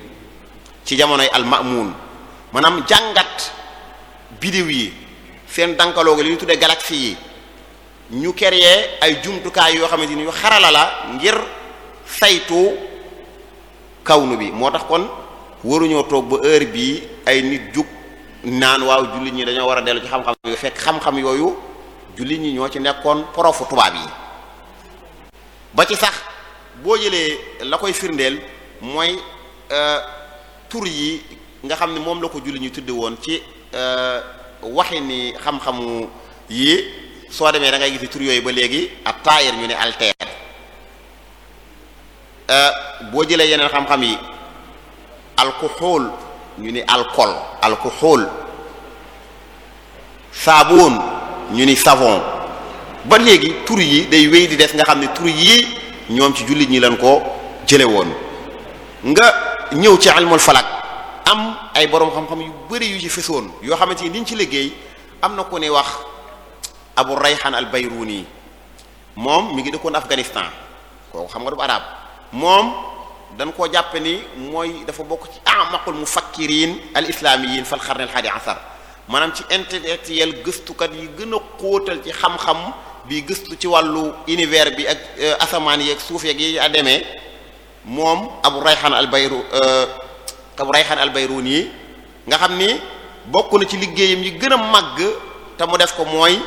ci jamonoy almamuun maanaam jàngat biddiw yi seen dankaloo li ñu tuddee galaxie yi ñu créé ay jumtukaay yoo xamante ni yu xarala la ngir saytu kawnu bi moo tax kon waruñoo toog ba heure bii ay nit jug naan waaw jullit ñi dañoo war a dellu ci xam-xam yu fekk xam yooyu jullit ñi ñoo ci nekkoon profu tubaab yi ba ci sax boo jëlee la koy firndeel mooy euh, tur yi nga xam ne moom la ko jullit ñi tudde woon ci euh, waxi ni xam-xamu yi soo demee da ngay gisi tur yooyu ba léegi ak taayir ñu ne alter euh, boo jëlee yeneen xam-xam yi alkoxool ñu ni alcool alcool saaboon ñu ni savon ba léegi tur yi day wéy di des nga xam ne tur yi ñoom ci jullit ñi lañ ko jële woon nga ñëw ci ilmul falak am ay boroom xam-xam yu bari yu ci fesoon yoo xamante ni liñ ci liggéey am na ku ne wax abu rayhan al bayruni moom mu ngi dëkkoon afghanistan kooku xam nga du arab moom dañ koo jàppe ni mooy dafa bokk ci amaqul mufakkiriin al islaamiyiin fal xarni al xaadi asar maanaam ci intellectuel gëstukat yi gën a ci xam-xam bi gëstu ci wàllu univers bi ak euh, asamaan yeeg suuf yeeg yi a demee moom abu rayhan al bayru euh, abu rayhan al bayruni yi nga xam ni bokk na ci liggéeyam yi gën a màgg te mu def ko mooy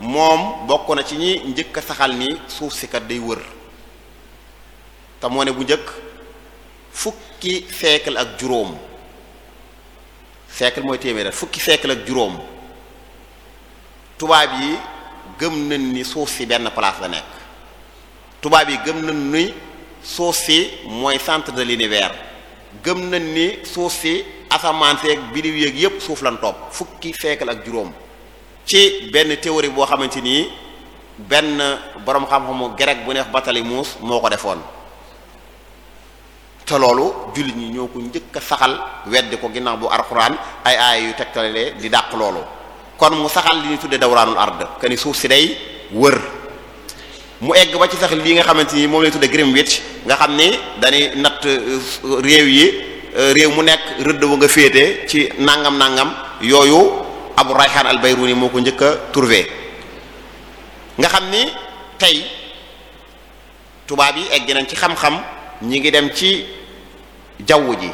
moom bokk na ci ñi njëkk a saxal ni suuf si kat day wër te moo ne bu njëkk fukki feekal ak juróom feekal mooy téeméer fukki feekal ak juróom tubaab yi gëm nañ ni suuf si benn place la nekk tubaab yi gëm nañ ni suuf si mooy centre de l'univers gëm nañ ni suuf si asamaan seeg bidiw yeeg yépp suuf lañ topp fukki feekal ak juróom ci benn théorie boo xamante ni benn boroom xam-xamu grec bu neex batali Batalimus moo ko defoon te loolu jullit ñi ñoo ko njëkk a saxal weddi ko ginnaaw bu alxuraan ay aaya yu tegtale di dàq loolu kon mu saxal li ñu tuddee dawraanul ard kani suuf si day wër mu egg ba ci sax lii nga xamante ni moom lañ tuddee Greenwich nga xam ni dañuy natt euh, réew yi euh, réew mu nekk rëdd wu nga féete ci nangam nangam yooyu Abu Rayhan al-Biruni moo ko njëkk a trouvé nga xam ni tey tubaab yi egg nañ ci xam-xam. ñi ngi dem ci jaww ji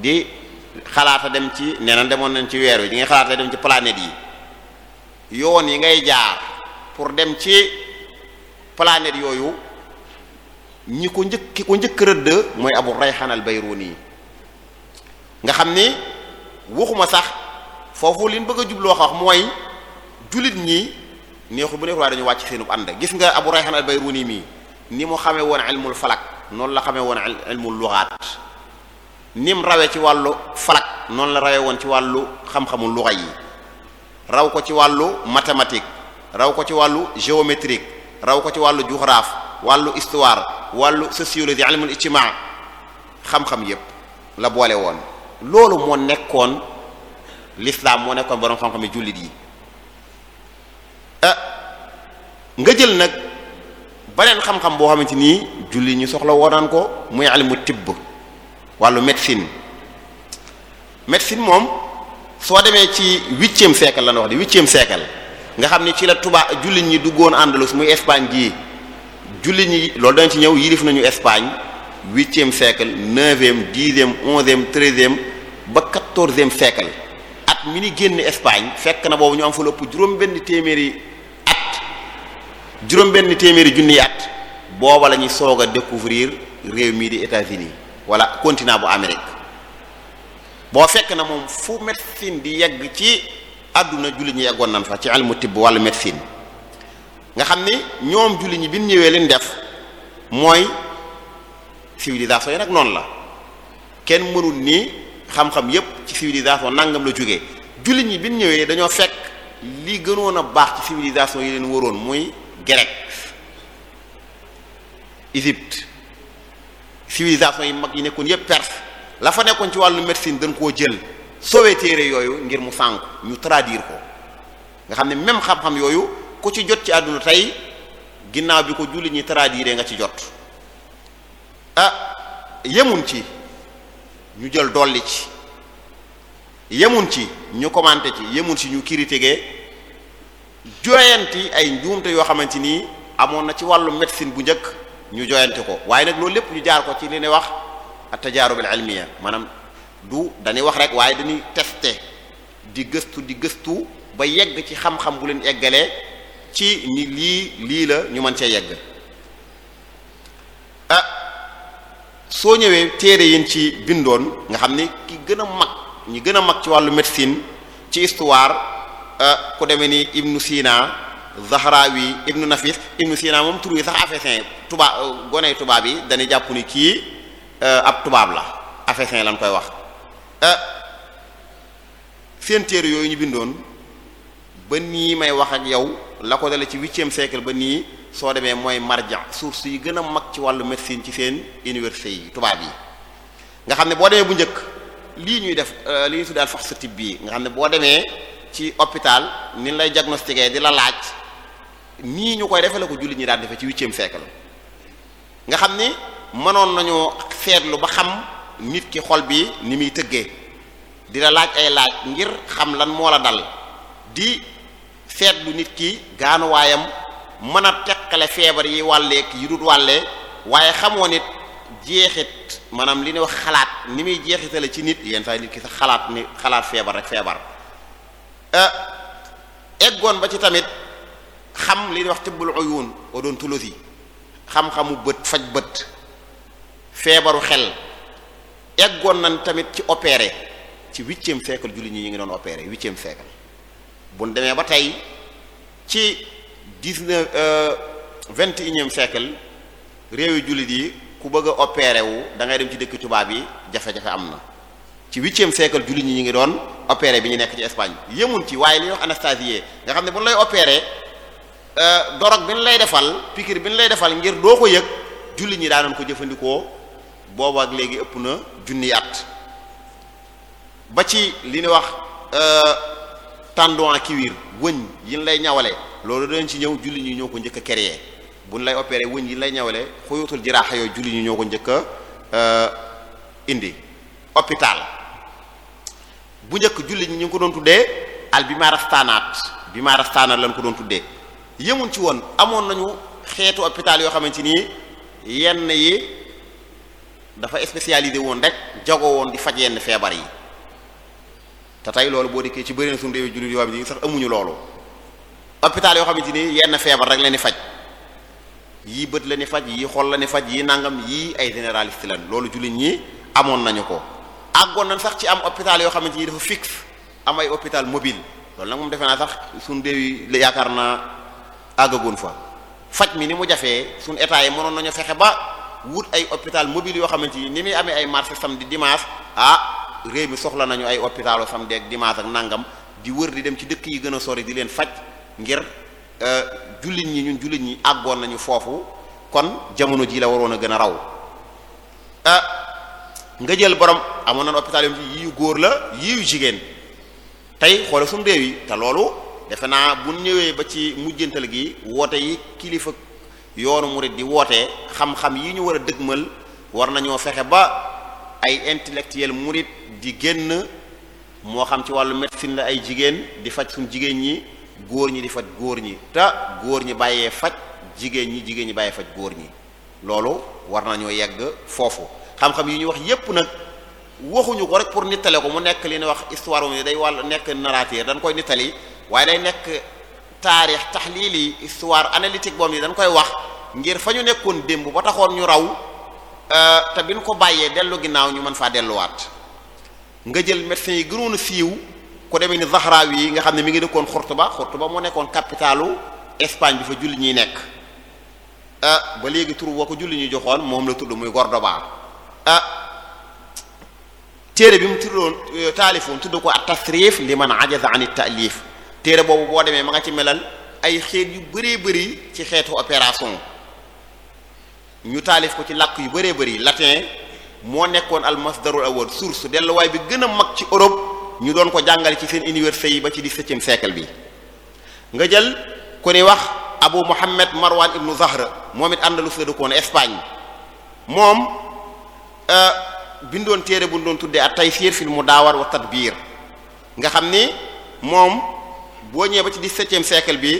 di xalaata dem ci nee na demoon nañ ci weer wi ñi ngi xalaata dem ci planète yi yoon yi ngay jaar pour dem ci planète yooyu ñi ko njëkk ki ko njëkk rëdd mooy abu bay al yi nga xam ni waxuma sax foofu liñ bëgg a jubloo wax mooy jullit ñi neexu bu neexul waaye dañu wàcc seenub ànd gis nga abu rayhan al bayruni mii ni mu xamee woon ilmul falak noonu la xamee woon ilmul luxaat nim rawee ci wàllu falak noonu la rawee woon ci wàllu xam-xamu luxa yi raw ko ci wàllu mathématique raw ko ci wàllu géométrique raw ko ci wàllu juxraaf wàllu histoire wàllu sociologie ilmul ijtimaa xam-xam yépp la boole woon loolu moo nekkoon lislaam moo nekkoon boroom xam-xam yi jullit yi eh, nga jël nag beneen xam-xam boo xamante ni julli ñu soxla woo ko ko muy alimu tibb wàllu médecine médecine moom soo demee ci huitième siècle la ñu wax di huitième nga xam ni ci la tubaa jullit ñi duggoon Andalus muy Espagne gii jullit ñi loolu dañ ci ñëw yilif nañu Espagne huitième siècle neuvième dixième onzième treizième ba quatorzième siècle at mi ni génn Espagne fekk na boobu ñu am fa lu juróom benn téeméeri juróom-benn téeméeri junniy booba la ñuy soog a découvrir réew mii di États-Unis wala continent bu Amérique boo fekk na moom fu médecine di yegg ci àdduna julli ñi yeggoon nan fa ci almu tibb wàllu médecine nga xam ni ñoom julli ñi bin ñëwee leen def mooy civilisation yi nag noonu la kenn mënul ni xam-xam yépp ci civilisation nangam la jógee julli ñi bi ñëwee dañoo fekk li gënoon a baax ci civilisation yi leen waroon muy grec Égypte civilisation yi mag yi nekkoon yépp perse la fa nekkoon ci wàllu médecine dañ koo jël sowe téere yooyu ngir mu sànk ñu traduire ko nga xam ne même xam-xam yooyu ku ci jot ci àdduna tey ginnaaw bi ko jullit ñi traduire nga ci jot ah yemun ci ñu jël dolli ci yemun ci ñu commenté ci yemun ci ñu critiqué joyanti ay njuumte yoo xamante ni amoon na ci wàllu médecine bu njëkk ñu joyanti ko waaye nag loolu lépp ñu jaar ko ci li ne wax at-tajaarub al-ilmiya maanaam du dañuy wax rek waaye dañuy teste di gëstu di gëstu ba yegg ci xam-xam bu leen eggalee ci ni lii lii la ñu mën cee yegg ah, soo ñëwee téere yin ci bindoon nga xam ne ki gën a mag ñi gën a mag ci wàllu médecine ci histoire Euh, ku demee ni ibnu sina zahrawi ibnu nafis ibnu sina moom tur wi sax afesin tubaab goney tubaab yi dañuy jàpp ni kii euh, ab tubaab la afesin lañ koy wax euh, seen téere yooyu ñu bindoon ba nii may wax ak yow la ko dale ci huitième siècle ba nii soo demee mooy marja suuf yi gën a mag ci wàllu médecine ci seen université yi tubaab yi nga xam ne boo demee bu njëkk lii ñuy def li su tuddaal fax sa tib bii nga xam ne boo demee ci hôpital ni lay diagnostiqué di la laaj nii ñu koy defee la ko jullit ñi daan defee ci huitième siècle nga xam ni mënoon nañoo seetlu ba xam nit ki xol bi ni muy tëggee di la laaj ay laaj ngir xam lan moo la dal di seetlu nit ki gaanuwaayam mën a teqale feebar yi wàlleek yi dut wàllee waaye xamoo nit jeexit maanaam li ñuy wax xalaat ni muy jeexitale ci nit yenn saa nit ki sax xalaat ni xalaat feebar rek feebar Euh, eggoon ba ci tamit xam li wax tibbul uyun odontologie xam-xamu bët faj bët feebaru xel eggoon nañ tamit ci opéré ci huitième siècle jullit yi ñu ngi doon opéré huitième siècle bu demee ba tey ci dix-neuf euh, vingt et unième réew yu jullit yi ku bëgg a opéré wu da dem ci dëkk tubaab yi jafe-jafe am na ci huitième siècle jullit ñi ñu ngi doon opéré bi ñu nekk ci Espagne yemuñ ci waaye li ñuy wax anesthésié nga xam ne bu ñu lay opéré euh, dorog bi ñu lay defal piqûre bi ñu lay defal ngir doo ko yëg jullit ñi daanoon ko jëfandikoo boobu ak léegi ëpp na junniy at ba ci li nu wax euh, tendon à cuir wëñ yi ñu lay ñawale loolu dañ ci ñëw julli ñi ñoo ko njëkk a créé bu ñu lay opéré wëñ yi ñu lay ñawale xuyutul jiraaxa yooyu jullit ñi ñoo ko njëkk euh, indi hôpital bu njëkk jullit ñi ñu ngi ko doon tuddee al bi maa rastaanaat bi maa rastaanaat lañ ko doon tuddee yemuñ ci woon amoon nañu xeetu hôpital yoo xamante ni yenn yi dafa spécialisé woon rek jago woon di faj yenn feebar yi te tey loolu boo dikkee ci bëri na suñu réew jullit yoo xamante ni sax amuñu loolu hôpital yoo xamante ni yenn feebar rek la ni faj yii bët la ni faj yi xol la ni faj yi nangam yii ay généraliste lan loolu jullit ñi amoon nañu ko àggoon nañ sax ci am hôpital yoo xamante ni dafa fixe am ay hôpital mobile loolu nag moom defe naa sax suñ déew yi yaakaar naa àggagoon fa faj mi ni mu jafee suñ état yi mënoon nañu fexe ba wut ay hôpital mobile yoo xamante ni ni muy amee ay marché samedi dimanche ah réew mi soxla nañu ay hôpital samedi ak dimanche ak nangam di wër di dem ci dëkk yi gën a sori di leen faj ngir euh, jullit ñi ñun jullit ñi àggoon nañu foofu kon jamono ji la waroon a gën a raw euh, nga borom amoon na hôpital yi yu góor la yi yu jigéen tey xoolal suñu réew yi te loolu defe naa bu ñëwee ba ci mujjantal gi woote yi kilifa yoonu murid di wootee xam-xam yi ñu war a dëgmal war nañoo fexe ba ay intellectuel murid di génn moo xam ci wàllu médecine la ay jigéen di faj suñu jigéen ñi góor ñi di faj góor ñi te góor ñi bàyyee faj jigéen ñi jigéen ñi bàyyee faj góor ñi loolu war nañoo yegg foofu xam-xam yi ñu wax yépp nag waxuñu ko rek pour nittale ko mu nekk li ñuy wax histoire mu day wàll nekk narrateur dañ koy nittali waaye day nekk taarix taxliili histoire analytique boobu yi dañ koy wax ngir fa ñu nekkoon démb ba taxoon ñu raw euh, te bi ñu ko bàyyee dellu ginnaaw ñu mën faa delluwaat nga jël médecins yi gënoon siiw ku demee ni Zahraawi yi nga xam ne mu ngi dëkkoon Xurtuba Xurtuba moo nekkoon capitalu Espagne bi fa julli ñuy nekk euh, ba léegi tur boo ko julli ñuy joxoon moom la tudd muy Cordoba Ah, téere bi mu tuddoon euh, taalifoon tudd ko at-tasrif li man ajaza an at-ta'lif téere boobu boo demee ma nga ci melal ay xeet yu bëree bëri ci xeetu opération ñu taalif ko ci làkk yu bëree bëri latin moo nekkoon al masdarul awwal source delluwaay bi gën a mag ci Europe ñu doon ko jàngale ci seen université yi ba ci di septième siècle bi nga jël ku ni wax Abu Muhammad Marwan ibnu Zahra moom it àndalus la dëkkoon Espagne moom Euh, bindoon téere bu doon tuddee at taysiir mu daawar wa biir nga xam ni moom boo ñëwee ci dix-septième siècle bi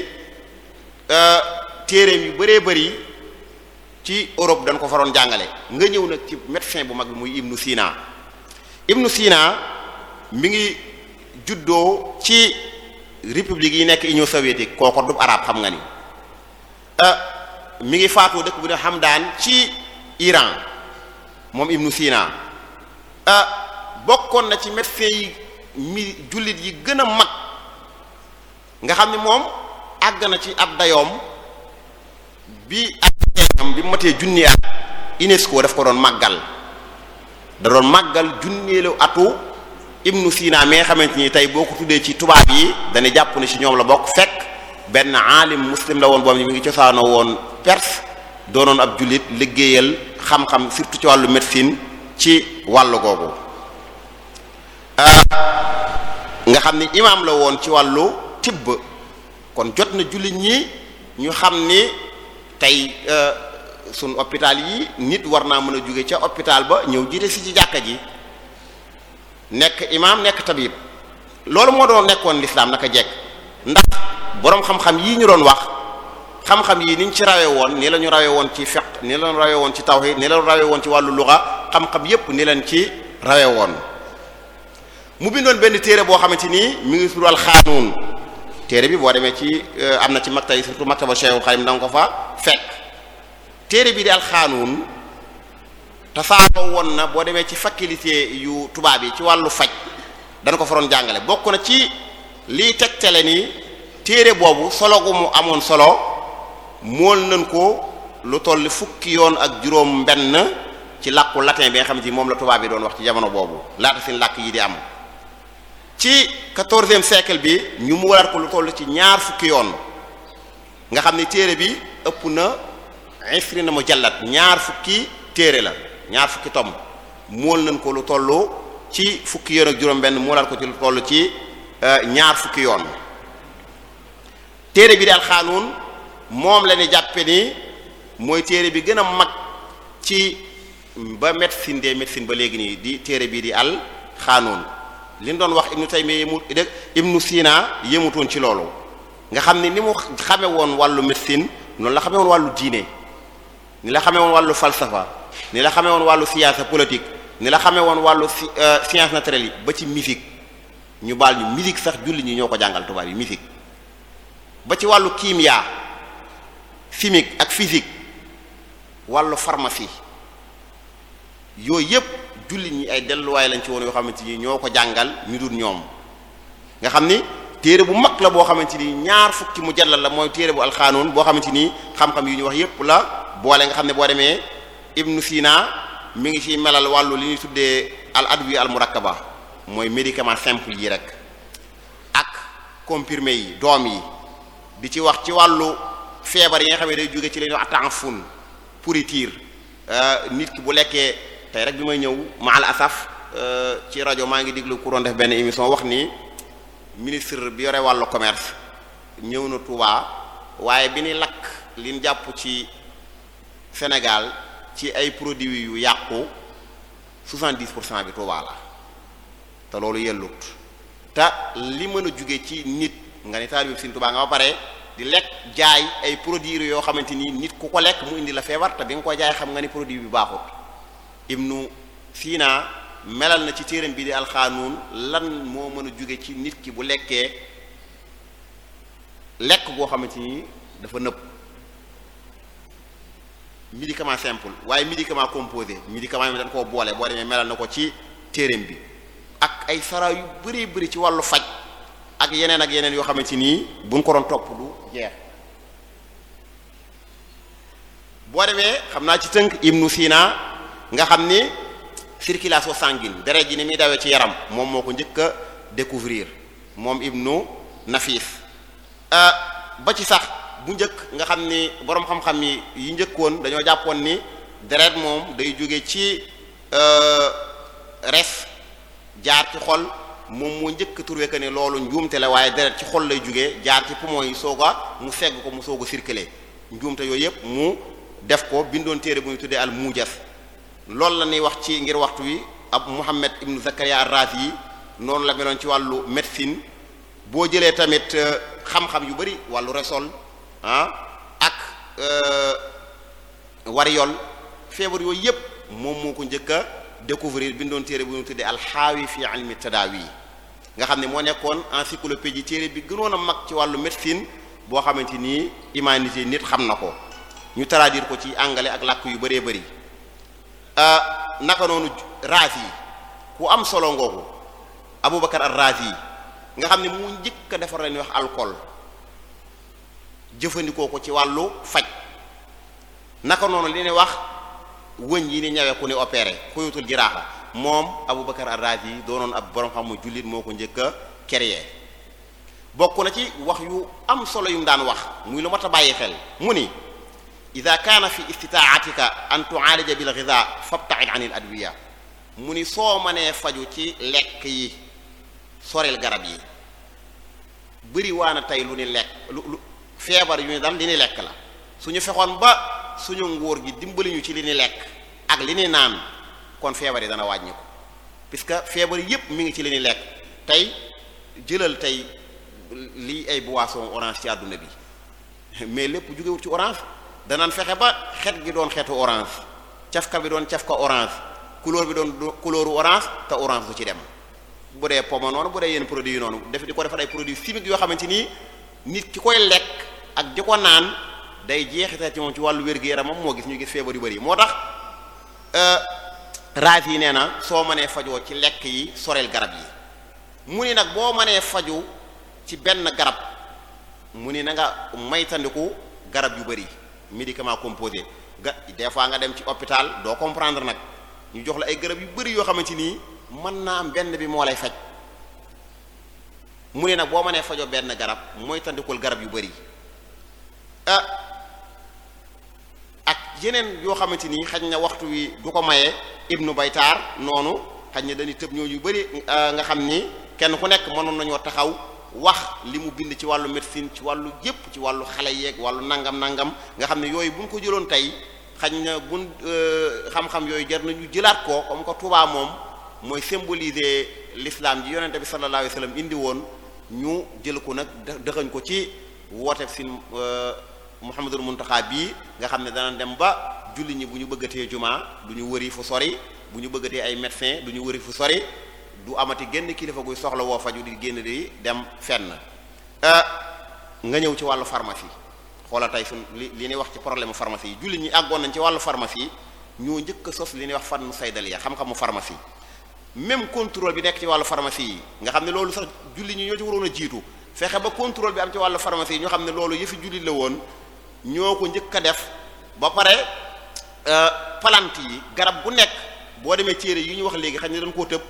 euh, téereem yu bëree bëri ci Europe dañ ko faroon jàngale nga ñëw nag ci médecin bu mag bi muy Ibnu Sina Ibnu Sina mi ngi juddoo ci république yi nekk Union soviétique kooko du arab xam nga ni euh, mu ngi faatoo dëkk bu xam daan ci Iran moom ibnu Sina ah bokkoon na ci médecin mi jullit yi gën a mag nga xam ni moom àgg na ci ab dayoom bi ak bi matee junni at UNESCO daf ko doon màggal da doon màggal junneelu atu ibnu Sina mais xamante ni tey boo ko tuddee ci tubaab yi dañu jàpp ne ci ñoom la bokk fekk benn aalim muslim la woon boobu mi ngi cosaanoo woon Perse doonoon ab jullit liggéeyal xam-xam surtout ci wàllu médecine ci wàll googu ah, nga xam ni imaam la woon ci wàllu tibb kon jot na jullit ñi ñu xam ni tey euh, sunu hôpital yi nit war naa mën a jóge ca hôpital ba ñëw jiite si ci jàkka ji nekk imaam nekk tabib loolu moo doon nekkoon lislaam naka jekk ndax boroom xam-xam yii ñu doon wax xam-xam yi ni ñu ci rawe woon ni la ñu rawe woon ci fiqh ni la ñu rawe woon ci tawhid ni la ñu rawe woon ci wàllu luga xam-xam yépp ni leen ci rawe woon mu bindoon benn téere boo xamante ni mi ngi téere bi boo demee ci euh, am na ci makta yi surtout makta ba Cheikhul Xadim ko fa fekk téere bi di alxaanuun tasaaroo woon na boo demee ci faculté yu tubaab yi ci wàllu faj dana ko fa doon jàngale bokk na ci teg tegtale ni téere boobu solo gu mu amoon solo mool nañ ko lu toll fukki yoon ak juróom benn ci làkku latin bi nga xam ci moom la tubaab yi doon wax ci jamono boobu laata seen làkk yi di am ci quatorzième siècle bi ñu mu waraat ko lu toll ci ñaar fukki yoon nga xam ne téere bi ëpp na ifrina mujallad ñaar fukki téere la ñaar fukki tom mool nañ ko lu toll ci fukki yoon ak juróom benn moolaat ko ci lu toll ci euh, ñaar fukki yoon téere bi daal xaanuun moom la ñu jàppe ni mooy téere bi gën a mag ci ba médecine des médecines ba léegi nii di téere bii di àll xaanoon li ñu doon wax ibnu Taymiya yemu ibnu Sina yemutoon ci loolu nga xam ni ni mu xame woon wàllu médecine noonu la xamee woon wàllu diine ni la xamee woon wàllu falsafa ni la xamee woon wàllu science politique ni la xamee woon wàllu euh, science naturelle yi ba ci musique ñu baal ñu musique sax julli ñi ñoo ko jàngal tubaab yi musique ba ci wàllu kimia chimique ak physique wàllu pharmacie yooyu yépp jullit ñi ay delluwaay lañ ci woon yoo xamante ni ñoo ko jàngal ñu dul ñoom nga xam ni téere bu mag la boo xamante ni ñaar fukki mu jàllal la mooy téere bu alxaanoon boo xamante ni xam-xam yu ñu wax yépp la boole nga xam ne boo demee Ibnu Sina mu ngi ci melal wàllu li ñuy tuddee al adwi al murakkaba mooy médicament simple yi rek ak comprimé yi doom yi di ci wax ci wàllu feebar yi nga xam ne day jóge ci leen pour ta'affun pourriture nit ki bu lekkee tey rek bi may ñëw maal asaf euh, ci rajo maa ngi déglu ku doon def benn émission wax ni ministre bi yore wàllu commerce ñëw na Touba waaye bi ni lakk li ñu jàpp ci Sénégal ci ay produits yu yàqu 70 pour cent bi Touba la te loolu yellut te li mën a jóge ci nit nga ni taalibe Sëriñ Touba nga ba pare di lekk jaay ay produire yoo xamante ni nit ku ko lekk mu indi la feebar te bi nga ko jaay xam nga ni produit bi baaxut ibnu Sina melal na ci téeram bi di alxaanuun lan moo mën a jóge ci nit ki bu lekkee lekk goo xamante ni dafa nëb médicament simple waaye médicament composé médicament yi dañ koo boole boo demee melal na ko ci téeram bi ak ay sara yu bëree bëri ci wàllu faj ak yeneen ak yeneen yoo xamante ni buñ ko doon topp du jeex boo demee xam naa ci tënk Ibnu Sina nga xam ni circulation sanguine deret ji ni muy dawee ci yaram moom moo ko njëkk a découvrir moom Ibnu Nafis euh, ba ci sax bu njëkk nga xam ni boroom xam-xam yi yi njëkkoon dañoo jàppoon ni deret moom day jóge ci euh, res jaar ci xol moom moo njëkk trouvé que ne loolu njuumte la waaye deret ci xol lay jugee jaar ci poumon yi soog a mu segg ko mu soog a circulé njuumte yooyu yëpp mu def ko bindoon téere bu ñu tuddee al mujas loolu la ñuy wax ci ngir waxtu wi ab Muhammad ibnu Zakaria yi noonu la meloon ci wàllu médecine boo jëlee tamit euh, xam yu bari wàllu resol ah ak euh, wariyol feebar yooyu yëpp moom moo ko njëkk a découvrir bindoon téere bu ñu tuddee alxaawi fi ilmi tadaawi nga xam ne moo nekkoon encyclopédie téere bi gënoon a mag ci wàllu médecine boo xamante nii humanité nit xam na ko ñu traduire ko ci anglais ak làkk yu bëree bëri euh, naka noonu Razi ku am solo ngoogu Aboubacar ar-Razi nga xam ne mu njëkk a defar lañuy wax alcool jëfandikoo ko ci wàllu faj naka noonu li ne wax wëñ yi ni ñawe ku ne opéré xuyatul jiraaxa moom Aboubacar ar-Razi doonoon ab borom xam mu jullit moo ko njëkk a bokk na ci wax yu am solo yu mu daan wax muy lu mat a bàyyi xel mu ni ida kaana fi istitaatika an tu'alija bil ghidha fabta'id 'anil adwiya mu ni soo mënee faju ci lekk yi sorel garab yi bëri waana tey lu ni lekk lu lu feebar yu ñu dal li ni lekk la suñu fexoon ba suñu nguur gi dimbali ñu ci li ni lekk ak li ne naan kon feebar yi dana wàññiku puisque feebar yépp mu ngi ci li ñuy lekk tey jëlal tey lii ay boisson orange ci àdduna bi mais lépp jugewut ci orange danaan fexe ba xet gi doon xetu orange cafka bi doon cafka orange couleur bi doon couleur orange te orange du ci dem bu dee pomme noonu bu dee yenn produit yi noonu def di ko defar ay produits chimiques yoo xamante ni nit ki koy lekk ak di ko naan day jeexital ci moom ci wàllu wér-gu-yaramam moo gis ñu gis feebar yu bari moo tax euh, raaf yi nee na soo mënee fajoo ci lekk yi soreel garab yi mu ni nag boo mënee faju ci benn garab mu ni nanga nga maytandiku garab yu bari médicament composé ga des fois nga dem ci hôpital doo comprendre nag ñu jox la ay garab yu bari yoo xamante nii mën naa am benn bi moo lay faj mu ne nag boo mënee fajoo benn garab moytandikul garab yu bari ah, yeneen yoo xamante ni xaj na waxtu wi du ko maye ibnu baytaar noonu xaj na dañu tëb ñoo yu bëri euh, nga xam ni kenn ku nekk mënoon nañoo taxaw wax li mu bind ci wàllu médecine ci wàllu yépp ci wàllu xale yeeg wàllu nangam nangam nga xam ne yooyu buñ ko jëloon tey xaj na buñ euh, xam-xam yooyu jar nañu jëlaat ko comme que Tuubaa moom mooy symboliser l'islam ji yonente bi sallallahu alayhi wasallam indi woon ñu jël ko nag dëxañ ko ci woote sin Muhammadul Muntaxa bii nga xam ne dana dem ba julli ñi bu ñu bëggatee jumaa du ñu wëri fu sori bu ñu bëggatee ay médecin du ñu wëri fu sori du amati génn kilifa guy soxla woo faju di génn di dem fenn euh, nga ñëw ci wàllu pharmacie xoola tey sun li li ñuy wax ci problème pharmacie yi julli ñi àggoon nañ ci wàllu pharmacie ñoo njëkk a sos li ñuy wax fannu saydaliya xam-xamu pharmacie même contrôle bi nekk ci wàllu pharmacie yi nga xam ne loolu sax julli ñi ñoo ci waroon a jiitu fexe ba contrôle bi am ci wàllu pharmacie ñoo xam ne loolu yëfi julli la woon ñoo ko njëkk a def ba pare euh, plante yi garab gu nekk boo demee téere yi ñu wax léegi xam ne dañ koo tëb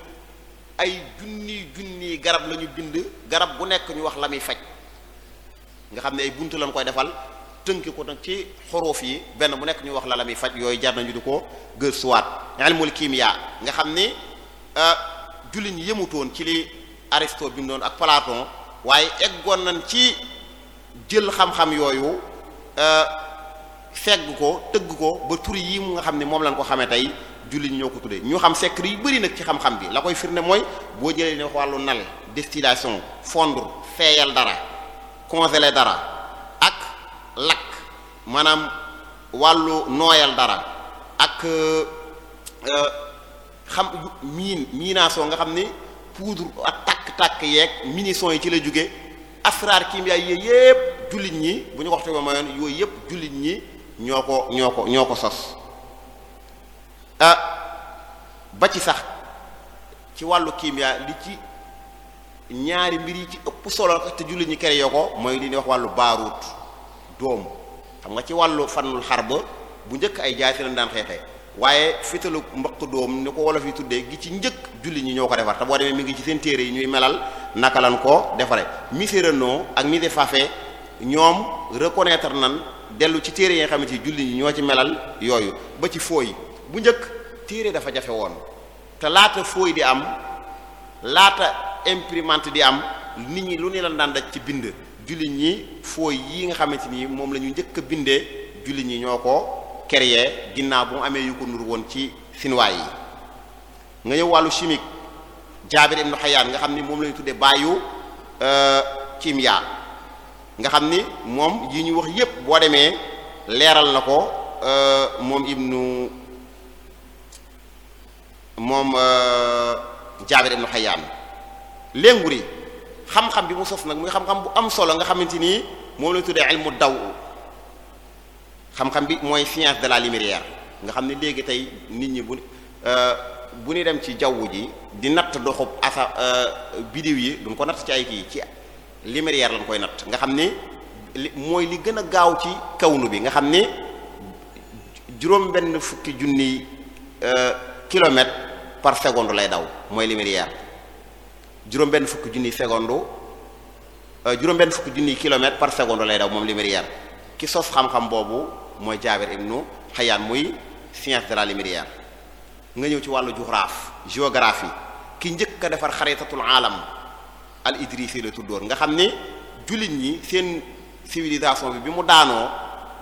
ay junni junni garab lañu bind garab gu nekk ñu wax la muy faj nga xam ne ay buntu lañ koy defal tënki ko nag ci xoroof yi benn bu nekk ñu wax la la muy faj yooyu jar nañu du ko gëstuwaat ilmul kimia nga xam ni euh, jullit ñi ci li Aristote bi mu ak palaaton waaye eggoon nañ ci jël xam-xam yooyu Euh, fegg ko tëgg ko ba tur yi mu nga xam ne moom la lañ ko xamee tey jullit ñoo ko tuddee ñu xam secret yu bëri nag ci xam-xam bi la koy firnde mooy boo jëlee ne wàllu nal distillation fondre feeyal dara congeler dara ak lakk maanaam wàllu nooyal dara ak euh, euh, xam miin miinaason nga xam ni poudre ak takk-takk yeeg munitions yi ci lay jóge asraar kiim yaay yooyu yëpp jullit ñi bu ñu waxtu ba mayoon yooyu yëpp jullit ñi ñoo ko ñoo ko ñoo ko sos ah, ba ci sax ci wàllu kiim yaa li ci ñaari mbir yi ci ëpp solo la te jullit ñi kere yoo ko mooy li ñuy wax wàllu baaruut doom xam nga ci wàllu fannul xar ba bu njëkk ay jaay fi lañ daan xeexee waaye fitalu mboq doom ni ko wolof yi tuddee gi ci njëkk julli ñi ñoo ko defar te boo demee mi ngi ci seen téere yi ñuy melal naka lan ko defare mise Renaud ak mise Fafe ñoom reconnaître nan dellu ci téere yi nga xamante ni julli ñi ñoo ci melal yooyu ba ci fooy bu njëkk téere dafa jafe woon te laata fooy di am laata imprimante di am nit ñi lu ne lan daan daj ci bind julli ñi fooy yi nga xamante ni moom la ñu njëkk a bindee julli ñi ñoo ko créé ginnaaw boo mu amee yu ko nur woon ci finwaay yi nga ñëw wàllu chimique jaabir ibnu xayaan nga xam ni moom la ñu tuddee bàyyu euh, nga xam ni moom yi ñu wax yépp boo demee leeral na ko euh, moom ibnu moom euh, jaabir ibnu xayaan lénguri xam-xam bi mu sos nag muy xam-xam bu am solo nga xamante nii moom lañ tuddee ilmu daw xam-xam bi mooy science de la lumière nga xam ne léegi tey nit ñi bu euh, bu ñu dem ci jaww ji di natt doxub asa euh, bidiw yi duñ ko natt ci ay kii ci lumière lañ koy natt nga xam ni mooy li gën a gaaw ci kawnu bi nga xam ni juróom benn fukki junniy euh, kilomètre par seconde lay daw mooy lumière juróom benn fukki junniy seconde juróom benn fukki junniy kilomètre par seconde lay daw moom lumière ki sos xam-xam boobu mooy Jaabir nu Xayaan muy science de la lumière nga ñëw ci wàllu juxraaf géographie ki njëkk a defar xaritatul aalam al idrisi la tuddoon nga xam ne jullit ñi seen civilisation bi bi mu daanoo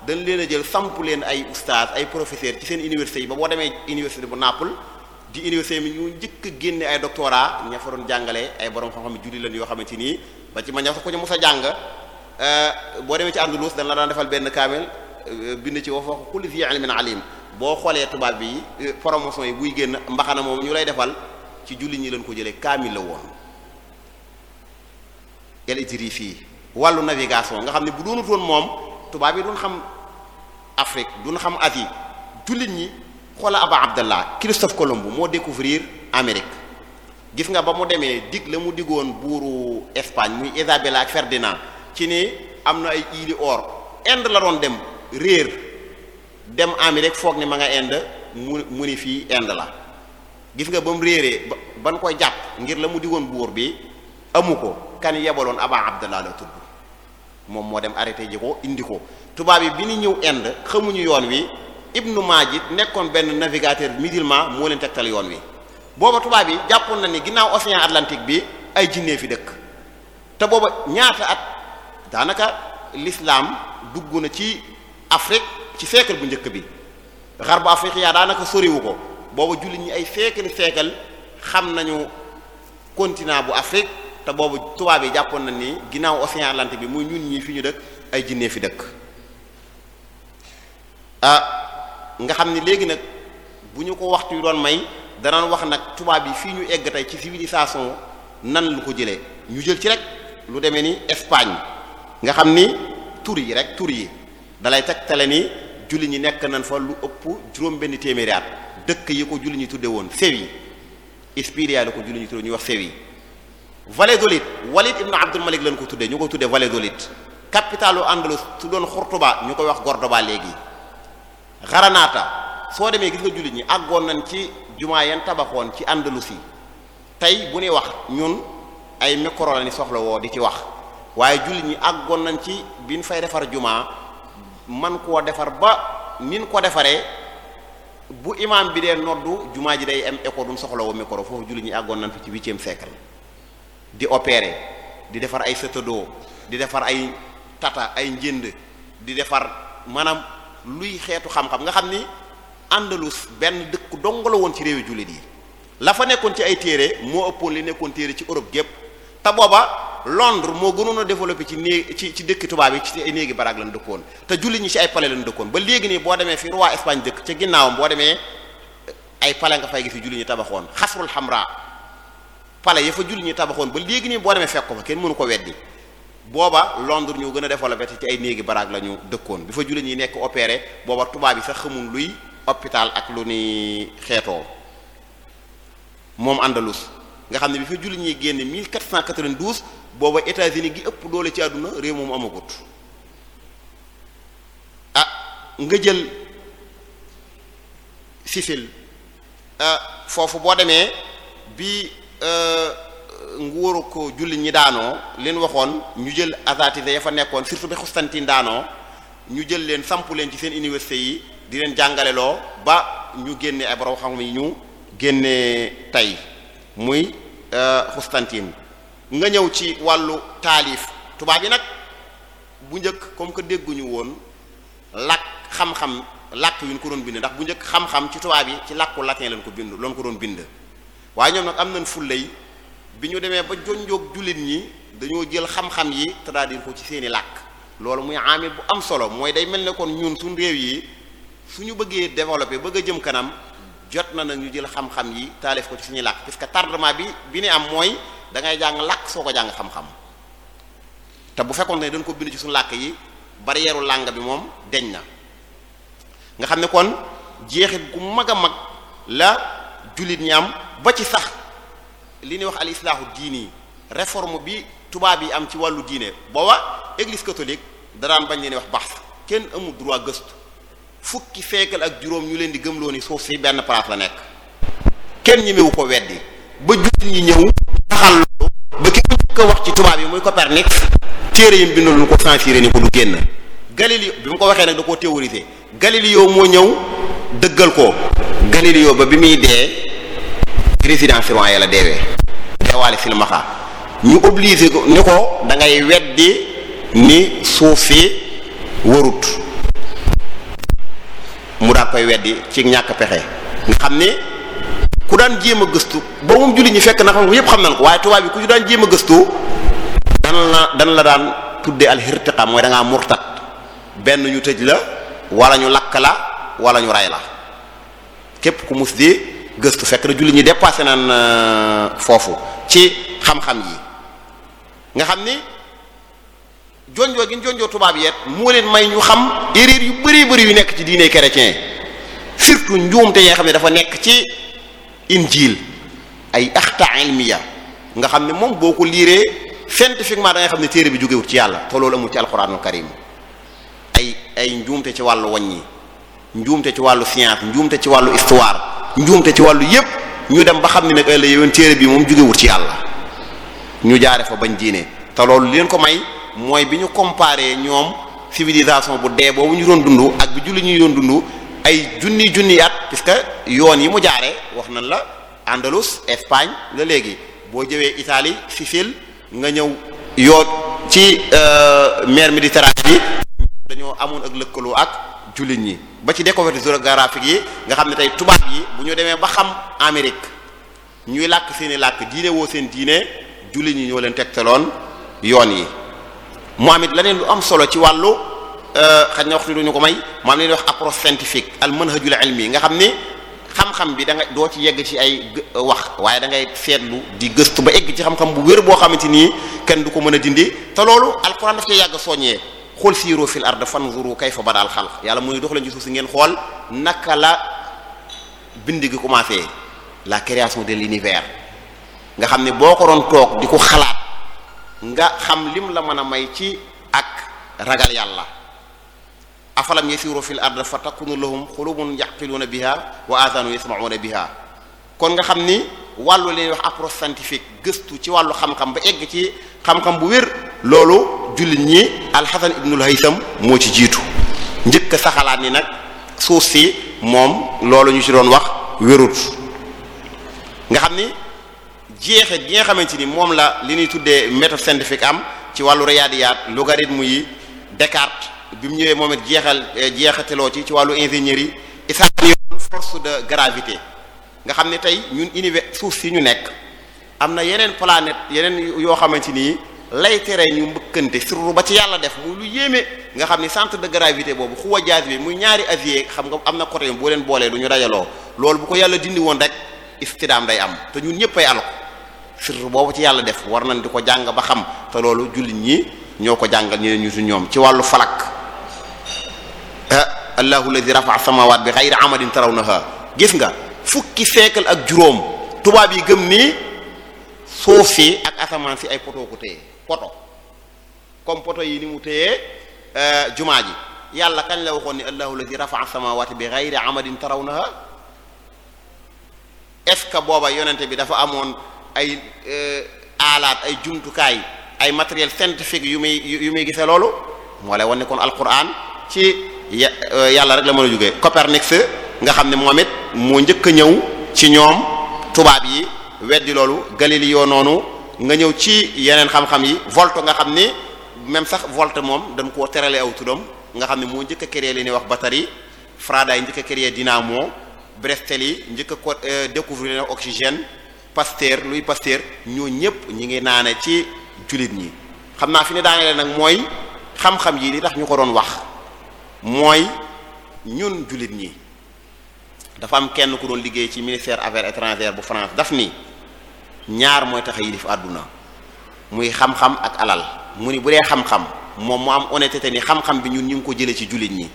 dañ leen a jël samp leen ay oustaz ay professeurs ci seen université yi ba boo demee université bu Naples di université bi ñu njëkk a génne ay doctorat ña fa doon jàngale ay borom xam-xam jullit lañ yoo xamante ni ba ci ma ñëw sax ko ñu mos a jàng Euh, boo demee ci Andalus dañ la daan defal benn kaamel euh, bind ci wa foofu kulli fi ilmin alim boo xoolee tubaab bi euh, promotion yi buy génn mbaxana moom ñu lay defal ci julli ñi leen ko jëlee kaamil la woon el fii wàllu navigation nga xam ne bu doonutoon moom tubaab yi duñ xam Afrique duñ xam Asie jullit ñi xoola Aba Abdallah Christophe Colomb moo découvrir Amérique gis nga ba mu demee dig la mu digoon buuru Espagne muy Isabella ak Ferdinand ci ni am na ay iili or Inde la doon dem réer dem ami rek foog ni ma nga Inde mu mu ni fii Inde la gis nga ba mu réeree ba ban koy jàpp ngir la mu digoon buur bi amu ko kan yebaloon Aba Abdallah la tudd moom moo dem arrêté ji ko indi ko tubaab yi bi ñu ñëw Inde xamuñu yoon wi Ibnu Majid nekkoon benn navigateur musulman moo leen tegtal yoon wi booba tubaab yi jàppoon na ni ginnaaw océan Atlantique bi ay jinne fi dëkk te booba ñaata at daanaka l'islam dugg na ci Afrique ci siècle bu njëkk bi xarbu afriqiya daanaka soriwu ko boobu julli ñi ay siècle seekal xam nañu continent bu Afrique te boobu tubaab yi jàppoon na ni ginnaaw océan Atlantique bi muy ñun ñii fi ñu dëkk ay jinnee fi dëkk ah nga xam ni léegi nag bu ñu ko waxtu yu doon may danaan wax nag tubaab yi fii ñu egg tey ci civilisation nan lu ko jëlee ñu jël ci rek lu demee ni Espagne nga xam ni tur yi rek tur yi dalay tegtale ni julli ñi nekk nañ fa lu ëpp juróom-benn téeméeri dëkk yi ko julli ñi tudde woon sew yi Ispiria la ko julli ñi ñuy wax sew yi Valladolid Walid ibn Abdul Malik lañ ko tuddee ñu ko tuddee Valladolid capitalu Andalus su doon Xurtuba ñu koy wax Gordoba léegi Granada soo demee gis nga jullit ñi àggoon nañ ci jumaa yan tabaxoon ci Andalus yi tey bu nuy wax ñun ay micro la ni soxla woo di ci wax waaye jullit ñi àggoon nañ ci bi ñu fay defar juma man koo defar ba nin ko defaree bu imaam bi dee noddu jumaa ji day am écho du soxla woo micro foofu jullit ñi àggoon nañ fi ci huitième siècle di opérer di defar ay satadoo di defar ay tata ay njënd di defar maanaam luy xeetu xam-xam nga xam ni Andalus benn dëkk la woon ci réewi jullit yi la fa nekkoon ci ay téere moo ëppoon li nekkoon téere ci Europe gépp te booba Londres moo gënoon a développé ci néeg ci ci dëkki tubaab yi ci néegi baraag lañ dëkkoon te jullit ñi ci ay palais lañ dëkkoon ba léegi nii boo demee fi roi Espagne dëkk ca ginnaawam boo eh, ay palais fay gis yu jullit ñi tabaxoon xasrul xamra palais ya fa jullit ñi tabaxoon ba léegi nii boo demee fekk ko kenn mënu ko weddi booba Londres ñoo gën a développé te ci ay néegi baraag la ñu dëkkoon bi fa jullit ñi nekk opéré booba tubaab yi sax xamul luy hôpital ak lu ni xeetoo moom Andalus nga xam ne bi fa jullit ñi génne 1492 booba États-Unis gi ëpp doole ci àdduna réew moom amagut ah nga jël Sicile ah, foofu boo demee bi euh, nguuru ko jullit ñi daanoo leen waxoon ñu jël asatise ya fa nekkoon surtout bi Constantine daano ñu jël leen samp leen ci seen université yi di leen jàngaleloo ba ñu génne ay borom xam yi ñu génne tey muy euh, Constantine nga ñëw ci wàllu taalif tubaab yi nag bu njëkk comme que dégguñu woon làkk xam-xam làkk yu ñu ko doon bind ndax bu njëkk xam-xam ci tubaab yi ci làkku latin lañ ko bind loon ko doon bind waaye ñoom nag am nañ fullay bi ñu demee ba jonjoog jullit ñi dañoo jël xam yi traduire ko ci seeni làkk loolu muy amir bu am solo mooy day mel nekkoon ñun suñ réew yi su ñu bëggee développer bëgg a jëm kanam jot na nag ñu jël xam-xam yi taalif ko ci suñuy làkk parce que tardement bi bi ni am mooy dangay jàng làkk soo ko jàng xam-xam te bu fekkoon ne dañ ko bind ci suñu làkk yi barrière làng bi moom deñ na nga xam ne kon jeexit gu mag a mag la jullit ñi am ba ci sax li ñuy wax al diini réforme bi tubaab yi am ci wàllu diine booba église catholique daraan bañ leen wax baax kenn amul droit gëstu fukki feekal ak juróom ñu leen di gëmloo ni suuf si benn place la nekk kenn ñemewu ko weddi ba jullit ñi ñëw taxal ba ki ko wax ci tubaab yi muy Copernic téere yi bindal lu ko censuré ni ko du génn Galileo bi mu ko waxee nag da koo théorisé Galileo moo ñëw dëggal ko Galileo ba bi muy dee résident Simon ya la deewee deewaale silmaxa ñu obligé ko ni ko da ngay weddi ni suuf si warut mu daan koy weddi ci ñàkk pexe nga xam ne ku daan jéem a gëstu ba moom jullit ñi fekk na xam ko yépp xam nañ ko waaye tubaab bi ku daan jéem a gëstu dan la dan la daan tuddee alxirtiqa mooy danga ngaa murtat benn ñu tëj la wala ñu lakk la wala ñu ray la képp ku mus di gëstu fekk na julli ñi dépassé naan euh, foofu ci xam-xam yi nga xam ni jonjoo gi jonjoo tubaab yet moo leen may ñu xam erreur yu bari bari yu nekk ci diine keretin surtout njuumte yi xam ne dafa nekk ci injil ay axta ilmiya nga xam ne moom boo ko liiree scientifiquement da nga xam ne téere bi jógewut ci yàlla te loolu amul ci alquranul karim ay ay njuumte ci wàllu wàññi njuumte ci wàllu science njuumte ci wàllu histoire njuumte ci wàllu yépp ñu dem ba xam ne nag ay la yoon téere bi moom jógewut ci yàlla ñu jaare fa bañ diine te loolu leen ko may mooy bi ñu comparé ñoom civilisation bu dee boobu ñu doon dundu ak bi julli ñu doon dundu ay junni junni at puisque yoon yi mu jaare wax nañ la Andalus Espagne la léegi boo jëwee Italie Sicile nga ñëw yoo ci euh, mer Méditerranée bi dañoo amoon ak lëkkaloo ak jullit ñi ba ci découverte géographique yi nga xam ne tey tubaab yi bu ñu demee ba xam Amérique ñuy làkk seeni làkk diine woo seen diine jullit ñi ñoo leen tegtaloon yoon yi mu am it leneen lu am solo ci wàllu euh, xañ na waxtu duñu ko may mu am leen wax approche scientifique al manhajul ilmi nga xam ni xam-xam bi da doo ci yegg ci ay euh, wax waaye da ngay seetlu di gëstu ba egg ci xam-xam bu wér boo xamante ni kenn du ko mën a dindi te loolu alquran daf cee yàgg soññee xool siiroo fil ard fanzuru kayfa bada daal xalq yàlla mu ni dox leen ci suuf si ngeen xool naka la bind gi commencé la création de l'univers nga xam ne boo ko doon toog di ko xalaat nga xam lim la mën a may ci ak ragal yàlla afalam yasiru fil ard fa takunu lahum xulubun yaqiluna biha wa aadaanu yasmauna biha kon nga xam ni wàllu leen wax approche scientifique gëstu ci wàllu xam-xam ba egg ci xam-xam bu wér loolu jullit ñi alxasan ibnul haysam moo ci jiitu njëkk saxalaat ni nag suuf si moom loolu ñu ci doon wax wérut nga xam ni jeexit gi nga xamante ni moom la li ñuy tuddee méthode scientifique am ci wàllu riyaadiyaat logarithme yi Descartes bi mu ñëwee moom it jeexal eh, jeexateloo ci ci wàllu ingénierie yi isanion force de gravité nga xam ne tey ñun univers suuf si ñu nekk am na yeneen planète yeneen yoo xamante ni lay tere ñu mbëkkante surtout ba ci yàlla def muy lu yéeme nga xam ni centre de gravité boobu xuwa jaas bi muy ñaari acier xam nga am na côté boo leen boolee du ñu dajaloo loolu bu ko yàlla dindi woon rek istidaam day am te ñëpp ay sirr boobu ci yàlla def war nañ di ko jàng ba xam te loolu jullit ñi ñoo ko jàngal ñeneen ñu su ñoom ci wàllu falak eh, allahu alladi rafa'a samawat bi ghayri amadin tarawnaha gis nga fukki siècle ak juróom tubaab yi gëm ni suuf si ak asamaan si ay poto ko téye poto comme poto yi ni mu téye eh, jumaa ji yàlla kañ la waxoon ni allahu alladi rafa'a samawati bi ghayri amadin tarawnaha est ce que booba yonente bi dafa amoon ay eh, alaat ay jumtukaay ay matériel scientifique yu muy yu muy gise loolu moo lay wan ne kon alquran ci eh, yàlla rek la mën a jógee Copernicus nga xam ne moom it moo njëkk a ñëw ci ñoom tubaab yi weddi loolu Galileo noonu nga ñëw ci yeneen xam-xam yi Volta nga xam ni même sax Volta moom dañ koo terale aw turam nga xam ne moo njëkk a créé li ñuy wax batterie Faraday njëkk a créé dynamo Brestel yi njëkk a ko eh, découvrir oxygène Pasteur luy Pasteur ñoo ñëpp ñi ngi naane ci jullit ñi xam naa fi ne daaneele nag mooy xam-xam yi li tax ñu ko doon wax mooy ñun jullit ñi dafa am kenn ku doon liggéey ci ministère affaires étrangères bu France daf ni ñaar mooy tax a yilif àdduna muy xam-xam ak alal mu ni bu dee xam-xam moom mu am honnêteté ni xam-xam bi ñun ñu ngi ko jëlee ci jullit ñi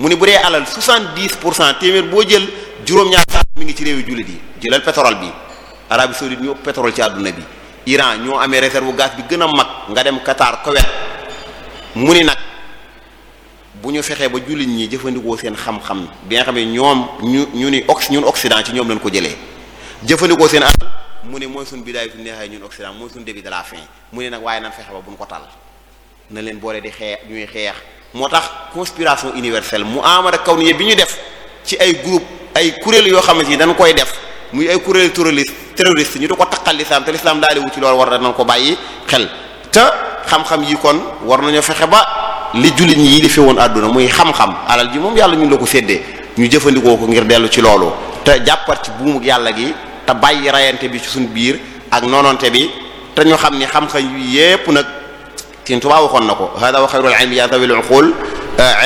mu ni bu dee alal 70 pour cent téeméer boo jël juróom-ñaar mi ngi ci réewi jullit yi jëlal pétrole bi Arabie saoudite ñoo pétrole ci àdduna bi Iran ñoo amee réserve gaz bi gën a mag nga dem Qatar Koweït mu ni nag bu ñu fexee ba jullit ñi jëfandikoo seen xam-xam bi nga xam ñoom ñu ñu ni ox ñun Occident ci ñoom lañ ko jëlee jëfandikoo seen alal mu ne mooy suñ bidaay su neexee ñun Occident mooy suñ début de la fin mu ne nag waaye nan fexe ba buñ ko tal na leen boole di xeex ñuy xeex moo tax conspiration universelle mu amara kaw ni bi ñu def ci ay groupe ay kuréel yoo xam ne dañ koy def muy ay kuréel terroriste ñu di ko taqal lislaam te lislaam daal di wu ci loolu war nañ ko bàyyi xel te xam-xam yi kon war nañu fexe ba li jullit ñi yi di fi àdduna muy xam-xam alal ji moom yàlla ñun la ko seddee ñu jëfandikoo ko ngir dellu ci loolu te jàppat ci buumug yàlla gi te bàyyi rayante bi ci suñ biir ak noononte bi te ñu xam ni xam-xam yi yépp nag sin tubaa waxoon na ko hada wa xayrul ilmi ya dawil uqul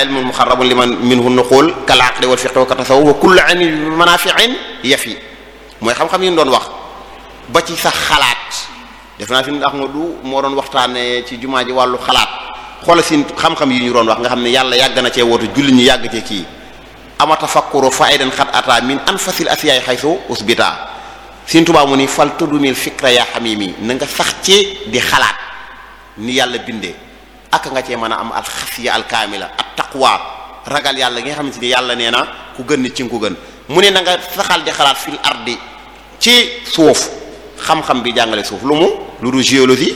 ilmun muxarrabun liman minhu nuqul kal aqli wal fiqh wa tasawuf wa kullu ilmin manafi'in yafi mooy xam-xam yi doon wax ba ci sa xalaat def naa fi ndax nga du moo doon waxtaanee ci jumaa ji wàllu xalaat xoola si xam-xam yi ñu doon wax nga xam ne yàlla yàgg na cee woote julli ñu yàgg cee kii ama tafakkuru faidan xat ata min an fasil asiyaay xaysu usbita sin tubaa mu ni fal tudumil fikra yaa xamimi na nga sax ci di xalaat ni yàlla bindee ak nga cee mën a am alxasiya alkaamila at taqwa ragal yàlla nga xamante ni yàlla nee na ku gën ni ci ku gën mu ne na nga xalaat fil ardi ci suuf xam-xam bi jàngale suuf lu mu lu dul géologie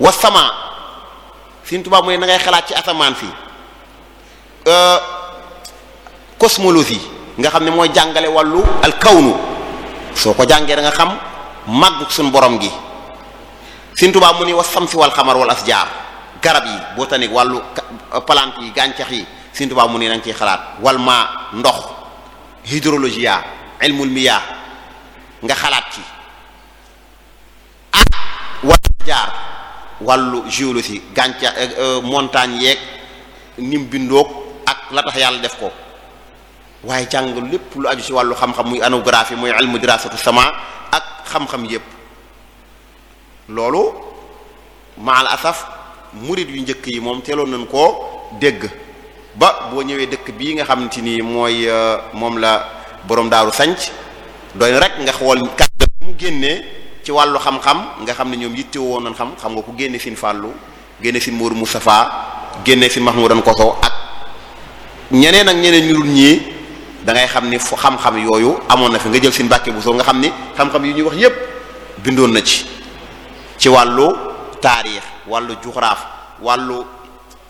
wa sama Sëriñ mu ne na xalaat ci asamaan si euh, cosmologie nga xam ne mooy jàngale wàllu alkawnu soo ko jàngee danga xam màgg suñ borom gi Sëriñ Tuubaa mu ne wa si wal xamar wal asjaar garab yi botanique wàllu palant yi gàncax yi Sëriñ Tuubaa mu ne na nga xalaat wal ma ndox hydrologie ilmul nga xalaat ci war jaar wàllu géologie gàncax euh, euh, montagne yeeg nim bindoog ak la tax yàlla def ko waaye jàng lépp lu aju ci wàllu xam-xam muy anographie muy ilmu dirasatu sama ak xam-xam yépp loolu maal asaf murid yu njëkk yi moom teeloon nañ ko dégg ba boo ñëwee dëkk bii nga xam te ni mooy euh, moom la borom daaru sanc doy rek nga xool kàddu mu génnee ci wàllu xam-xam nga xam ne ñoom yitte woon nañ xam xam nga ku génne sin fàllu génne sin Mourou Moustapha génne sin Mahmoudan Koso ak ñeneen ak ñeneen ñu dul ñii da ngay xam ni fu xam-xam yooyu amoon na fi nga jël sin Mbàkke bu soo nga xam ni xam-xam yi ñuy wax yépp bindoon na ci ci wàllu taarix wàllu juxraaf wàllu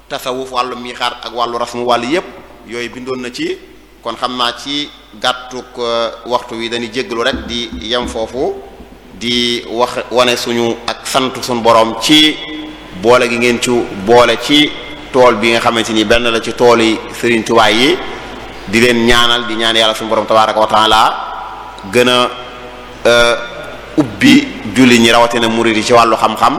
tasawuf wàllu miixaar ak wàllu rasmu wàllu yépp yooyu bindoon na ci kon xam naa ci gàttuk euh, waxtu wi dañuy jéggalu rek di yem foofu di wax wane suñu ak sant suñu boroom ci boole gi ngeen ci boole ci tool bi nga xamante ni benn la ci tool yi Sëriñ Tuubaa yi di leen ñaanal di ñaan yàlla suñu borom tabaaraka wa taala gën a euh, ubbi julli ñi rawatina murid yi ci wàllu xam-xam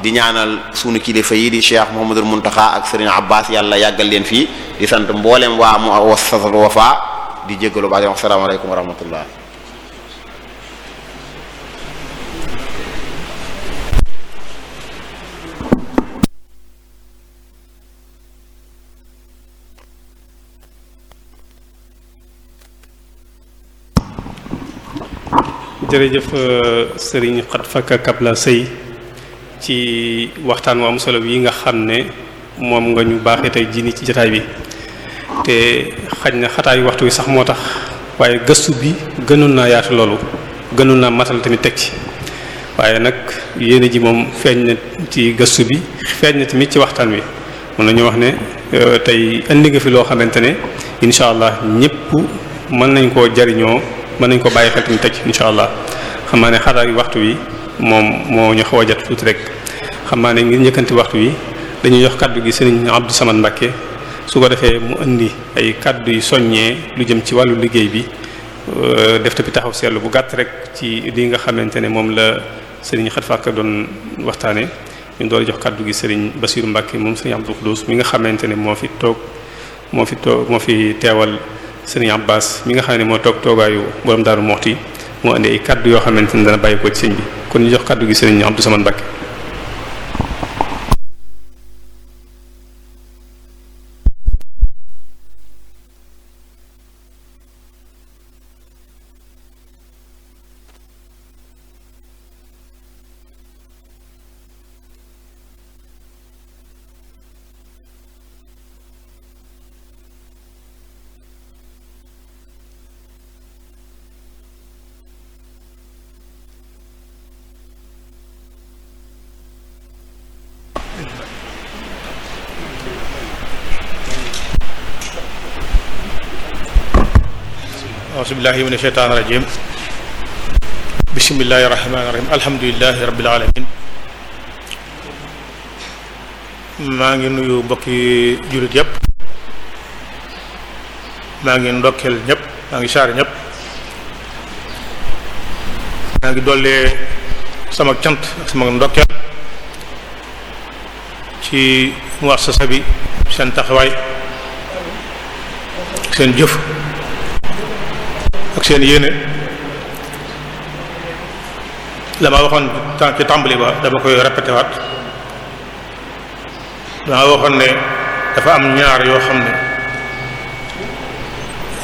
di ñaanal suñu kilifa yi di Cheikh Mouhamadul Muntaxa ak Sëriñ Abbas yàlla yàggal leen fii di sant mboolem waa mu wassasatul Wafa di jéggalu baax di wax salaamaaleykum wa rahmatullah jërëjëf euh, sëriñ xat fakka kabla sëy ci waxtaan waa am solo yi nga xam ne moom nga ñu baax tey jii nii ci jataay bi te xaj na xataayu waxtu wi sax moo tax waaye gëstu bi gënoon naa yaatu loolu gënoon naa matal tamit teg ci waaye nag yéene ji moom feeñ na ci gëstu bi feeñ na tamit ci waxtaan wi mën nañu wax ne euh, tey indi nga fi loo xamante ne incha allah ñépp mën nañ koo jariñoo mën nañ ko bàyyi xel tamit teg incha allah xam naa ne xaraa waxtu wi moom moo ñu xaw a jot tuuti rek xam naa ne ngir njëkkanti waxtu wi dañuy jox kaddu gi sëriñ Abdou Samad Mbacké su ko defee mu indi ay kaddu yu soññee lu jëm ci wàllu liggéey bi euh, def tamit taxaw seetlu bu gàtt rek ci li nga xamante ne moom la sëriñ Xat Fakka doon waxtaane ñu doon jox kaddu gi sëriñ Basiru Mbacké moom sëriñ Abdou Khoudoss mi nga xamante ne moo fi toog moo fi toog moo fi teewal sëriñ baas mi nga xam ne moo toog toogaayu borom Daaru Muxti moo indi ay kaddu yoo xamante ni dana bàyyi ko ci sëñ bi kon ñu jox kaddu gi sëriñ Abdou Samane Mbacké billahi min asheytaan irajim bismillahi irahmani irahim alhamdulilahi rabbil alamin maa ngi nuyu mbokki jullit yépp maa ngi ndokkeel ñépp maa ngi saar ñépp maa ngi dollee sama cant ak sama ndokkeel ci muassasa bi seen taxawaay seen jëf ak seen yéene la waxoon ci tàmbali ba dama koy répété waat waxoon ne dafa am ñaar yoo xam ne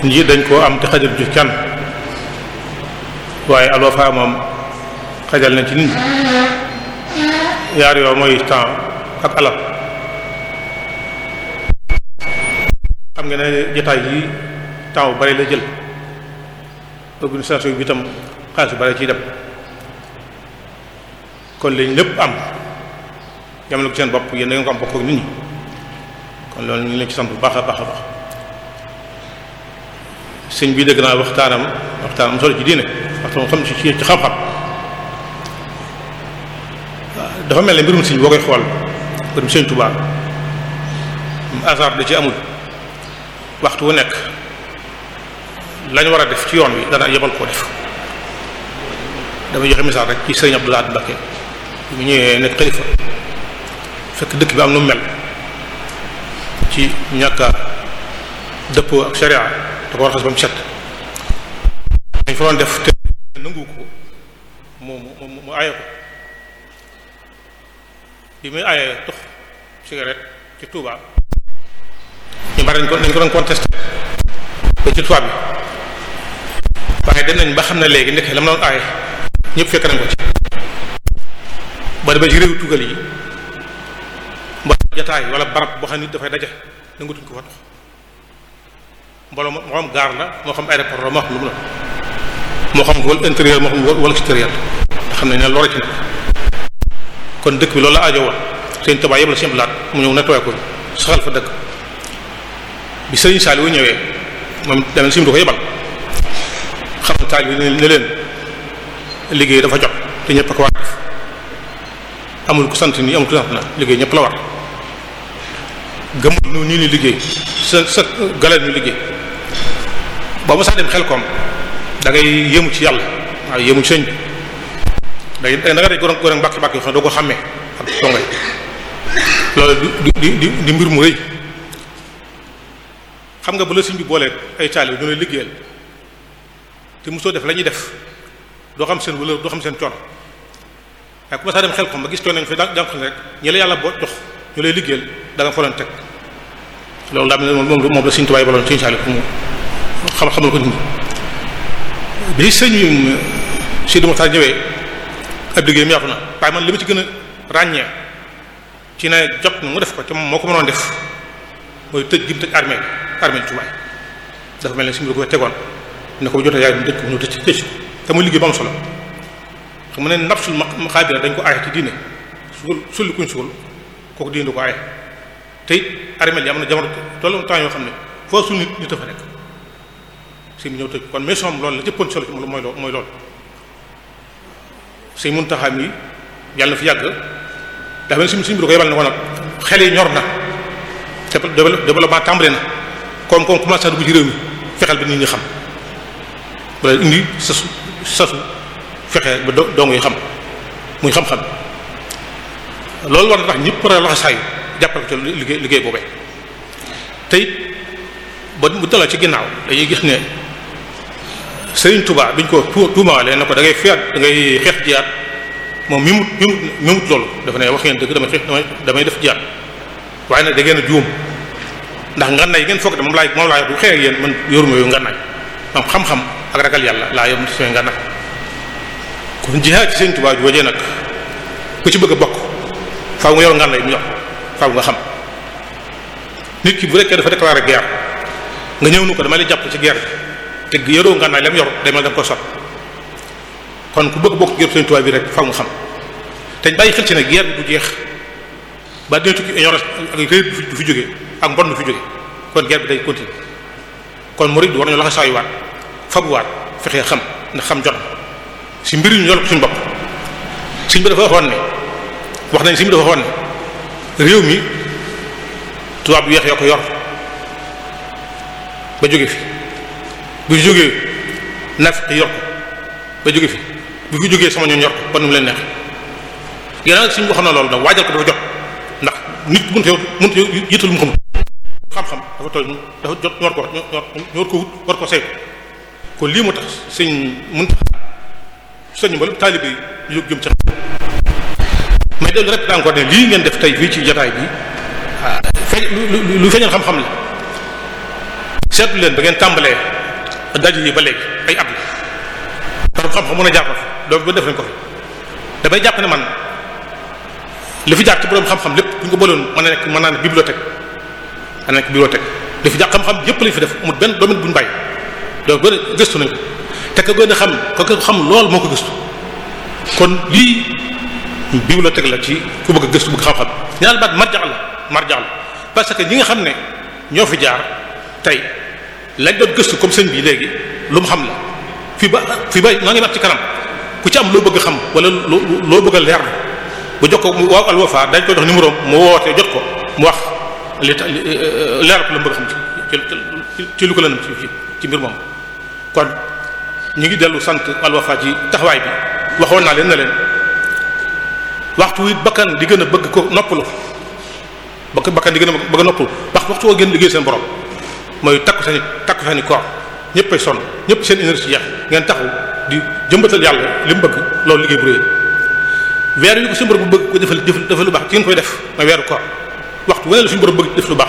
njiit dañ koo am te xajal ju can waaye alwafa moom xajal na ci nit ñaar yoo mooy temps ak alal xam nga ne jotaay yi temps bu bari la jël organisation bi itam xaalis bare ciy dem kon lañ lépp am yamale ko seen bopp yéen da ko am bokk nit ñi kon loolu ñu leen ci sant bu baax a baax a baax sëñ bi dëgg naa waxtaanam waxtaanam solo ci diine waxtaan xam ci ci xam-xam dafa mel ne mbirum sëñ boo koy xool mbirum sëñ Tuubaa hasard da ci amul waxtu wu nekk lañu war a def ci yoon wi dana yebal koo def dama joxe misaal rek ci sëriñ Abdoulaye Mbacké bu ñëwee nekk xalifa fekk dëkk bi am nu mel ci ñàkk a dëppoo ak sharia da ko war a xas ba mu set dañ fa def te nangu ko mu mu mu aaye ko bi muy aaye tux cigarette ci Touba ñu bari dañ ko dañ ko doon contesté ba ci Touba bi waaye dem nañ ba xam na léegi ndekk la mu doon aaye ñëpp fekk nañ ko ci ba demee ci yi mba jataay wala barab boo xam ne nit dafay daje nangutuñ ko fa dox mbooloo moo xam gaar la moo xam aéroport la moo xam lu mu la moo xam wala intérieur moo xam wala ne ne ci kon dëkk bi loolu la aajo woon sëñ Tuubaa yëpp mu ñëw nettoyé ko saxal fa dëkk bi sëriñ Saliou ñëwee moom si sim du ko yebal xamal taal bi ne leen liggéey dafa jot te ñëpp ko war amul ku sant nii amul ku sant na liggéey ñëpp la war gëmul nu ñu ni liggéey sa sa liggéey boo ma sax dem xel koom dangay ngay yéemu ci yàlla waaye yéemu ci sëñ bi day da nga daj góor bàkki bàkki xam ne doo ko xàmmee ak songay loolu di di di mbir mu rëy xam nga bu la sëñ bi boolee ay taalibe ñu lay liggéeyal te mosoo def la ñuy def doo xam seen wala doo xam seen coono waaye ku ma saa dem xel ko ma gis coono nga fi jànku rek ñi la yàlla boo jox ñu lay liggéey da nga fa leen teg loolu moom moom la Sëriñ Tuubaa baloon Sëriñ mu xam xamal ko nit ñi bi sëñ bi euh, Sidi Moxtaar ñëwee ab liggéeyam yaatu na waaye man li ma ci gën a ràññee ci ne jot mu def ko ci moom moo ko mënoon def mooy tëj gi mu tëj armée dafa mel ne suñu la tegoon ne ko jotee yaay ñu tëj ko ñu tëj tëj ko te muy liggéey bu am solo xam ne nafsul maxaabira dañ ko aaye ci diine suul sulli kuñ suul kooku diine du ko aaye te it armeel yi am na jamono tollu temps yoo xam ne foo suul nit nit kon mission am loolu la jëppoon solo ci mooy loolu mooy loolu sëñ Muntaxa mi yàlla na fi yàgg daa mel ni suñ bi da ko yebal ne ko nag xel yi ñor na développement tàmbali na comme comme commencé dugg ci réew mi fexeel bi nit ñi xam wala indi sasu sasu fexe ba dong yi xam muy xam-xam loolu war na tax ñëpp war a loxo saayu jàppale ko ci liggéey liggéey boobee tey ba mu daloo ci ginnaaw dañuy gis ne Serigne Touba biñ ko tuumaalee na ko dangay ngay fiyaat da xeex jiyaat moom mi mut mi mut loolu dafa ne wax ngeen dëgg damay xeex damay def jiyaat waaye nag da ngeen a juum ndax ngannaay yi ngeen foog de moom laay moom du xeex yéen man yoruma yu ngannaay am xam-xam ak ragal yàlla laa yom sooy nga nag kon jihaad ci seen tubaab joojee nag ku ci bëgg a bokk faw nga yor ngan lay mu yor faaw nga xam nit ki bu rekkee dafa déclaré guerre nga ñëw nu ko dama lay jàpp ci guerre bi yoroo ngan lay lam yor day mel ku bëgg bokk guerre bi rek faaw nga xam te bàyyi xel ci ne guerre bi du jeex ba dina tukki ignorance ak réer du fi jóge ak mbon du fi jóge kon guerre bi day continuer kon murid war nañu laxa fabuwaat fexee xam ndax xam jot si mbir ñu yol ko suñu bopp suñ bi dafa waxoon ne wax nañ siñ mi dafa waxoon ne réew mi tubaab yu weex ko yor ba jóge fi bu fi jógee nafiq yor ko jógee sama ñoon yor ko kon nu mu leen neex gannaaw suñu waxoon na lool da waajal ko dafa jot ndax nit mënut a mënut a yëtal mu xam-xam dafa toll dafa jot ñor ko ñor ko wut war ko saytu kon lii moo tax sëñ Muntaxa soññ ba lu taalibe yi yóg jëm ca rek da encore ngeen def tey fii ci jotaay bi lu feeñal xam-xam la seetu leen ba ngeen tàmbalee daj yi ba lekk ay at la borom xam-xam mën a jàppal donc bu def nañ ko fi damay jàpp ne man li fi jaar ci borom xam-xam lépp bu ko boloon mën na nekk mën naa ne bibliothèque mën na nekk bibliothèque li fi jaar xam-xam yépp lañ fi def amul benn domaine bu ñu bàyyi donc gën a gëstu nañ te ka gën a xam ka ko xam lool moo ko gistu kon lii bibliothèque la teg la ci ku bëgg a gëstu bëgg xam-xam ñaar baat marjax la marjax parce que ñi nga xam ne ñoo fi jaar tey lañ doon gëstu comme sëñ bii léegi lu mu xam na fii ba fii ba maa ngi mat ci kanam ku ci am loo bëgg xam wala loo bëgg a leer bu jox ko waaw Al dañ ko jox numéro mu wootee jot ko mu wax li euh, euh, leer ko la mu bëgg xam ci ci lu ko lënam ci ci mbir moom kon ñu ngi dellu sant alwafa ji taxawaay bi waxoon naa leen na leen waxtu wi bakkan di gën a bëgg ko noppalu bakk bakkan di gën a bëgg a noppalu wax waxtu woo gën liggéey seen borom mooy takku seen takku seen i koor ñëppay sonn ñëpp seen énergie jeex ngeen taxu di jëmbatal yàlla li mu bëgg loolu liggéey bu rëy weer yi ko suñu borom bëgg defal lu baax ci ngeen koy def mooy weeru koor waxtu wu ne la def lu baax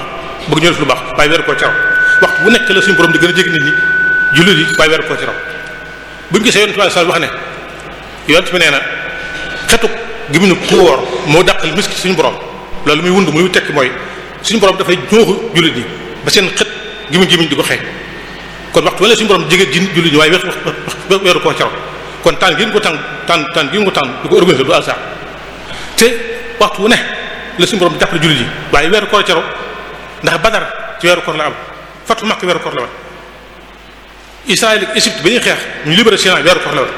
bëgg ñu def lu baax waaye weeru koo ca waxtu bu nekk la suñu borom di gën a jéggi nit ñi jullit yi waaye weeru koor ci raw buñ gisee yonent bi sallallahu alayhi ne yonent bi nee na xetuk gi mu moo dàqal miski suñu borom loolu muy wund muy tekki mooy suñu borom dafay ñooxu jullit ba seen xet gi mu gémmiñ di ko xeeñ kon waxtu wala suñu borom jege jin jullit ñi waaye weeru weeru koor ci raw kon ko tànn tànn tànn gi ñu ko tànn du ko organisé du te waxtu wu ne la suñu borom jàppale jullit yi waaye weeru koor ci ndax badar ci weeru koor la am fatu makk weeru koor la woon Israël ak Égypte ba ñuy xeex ñu libéré Sinaa weeru koor la woon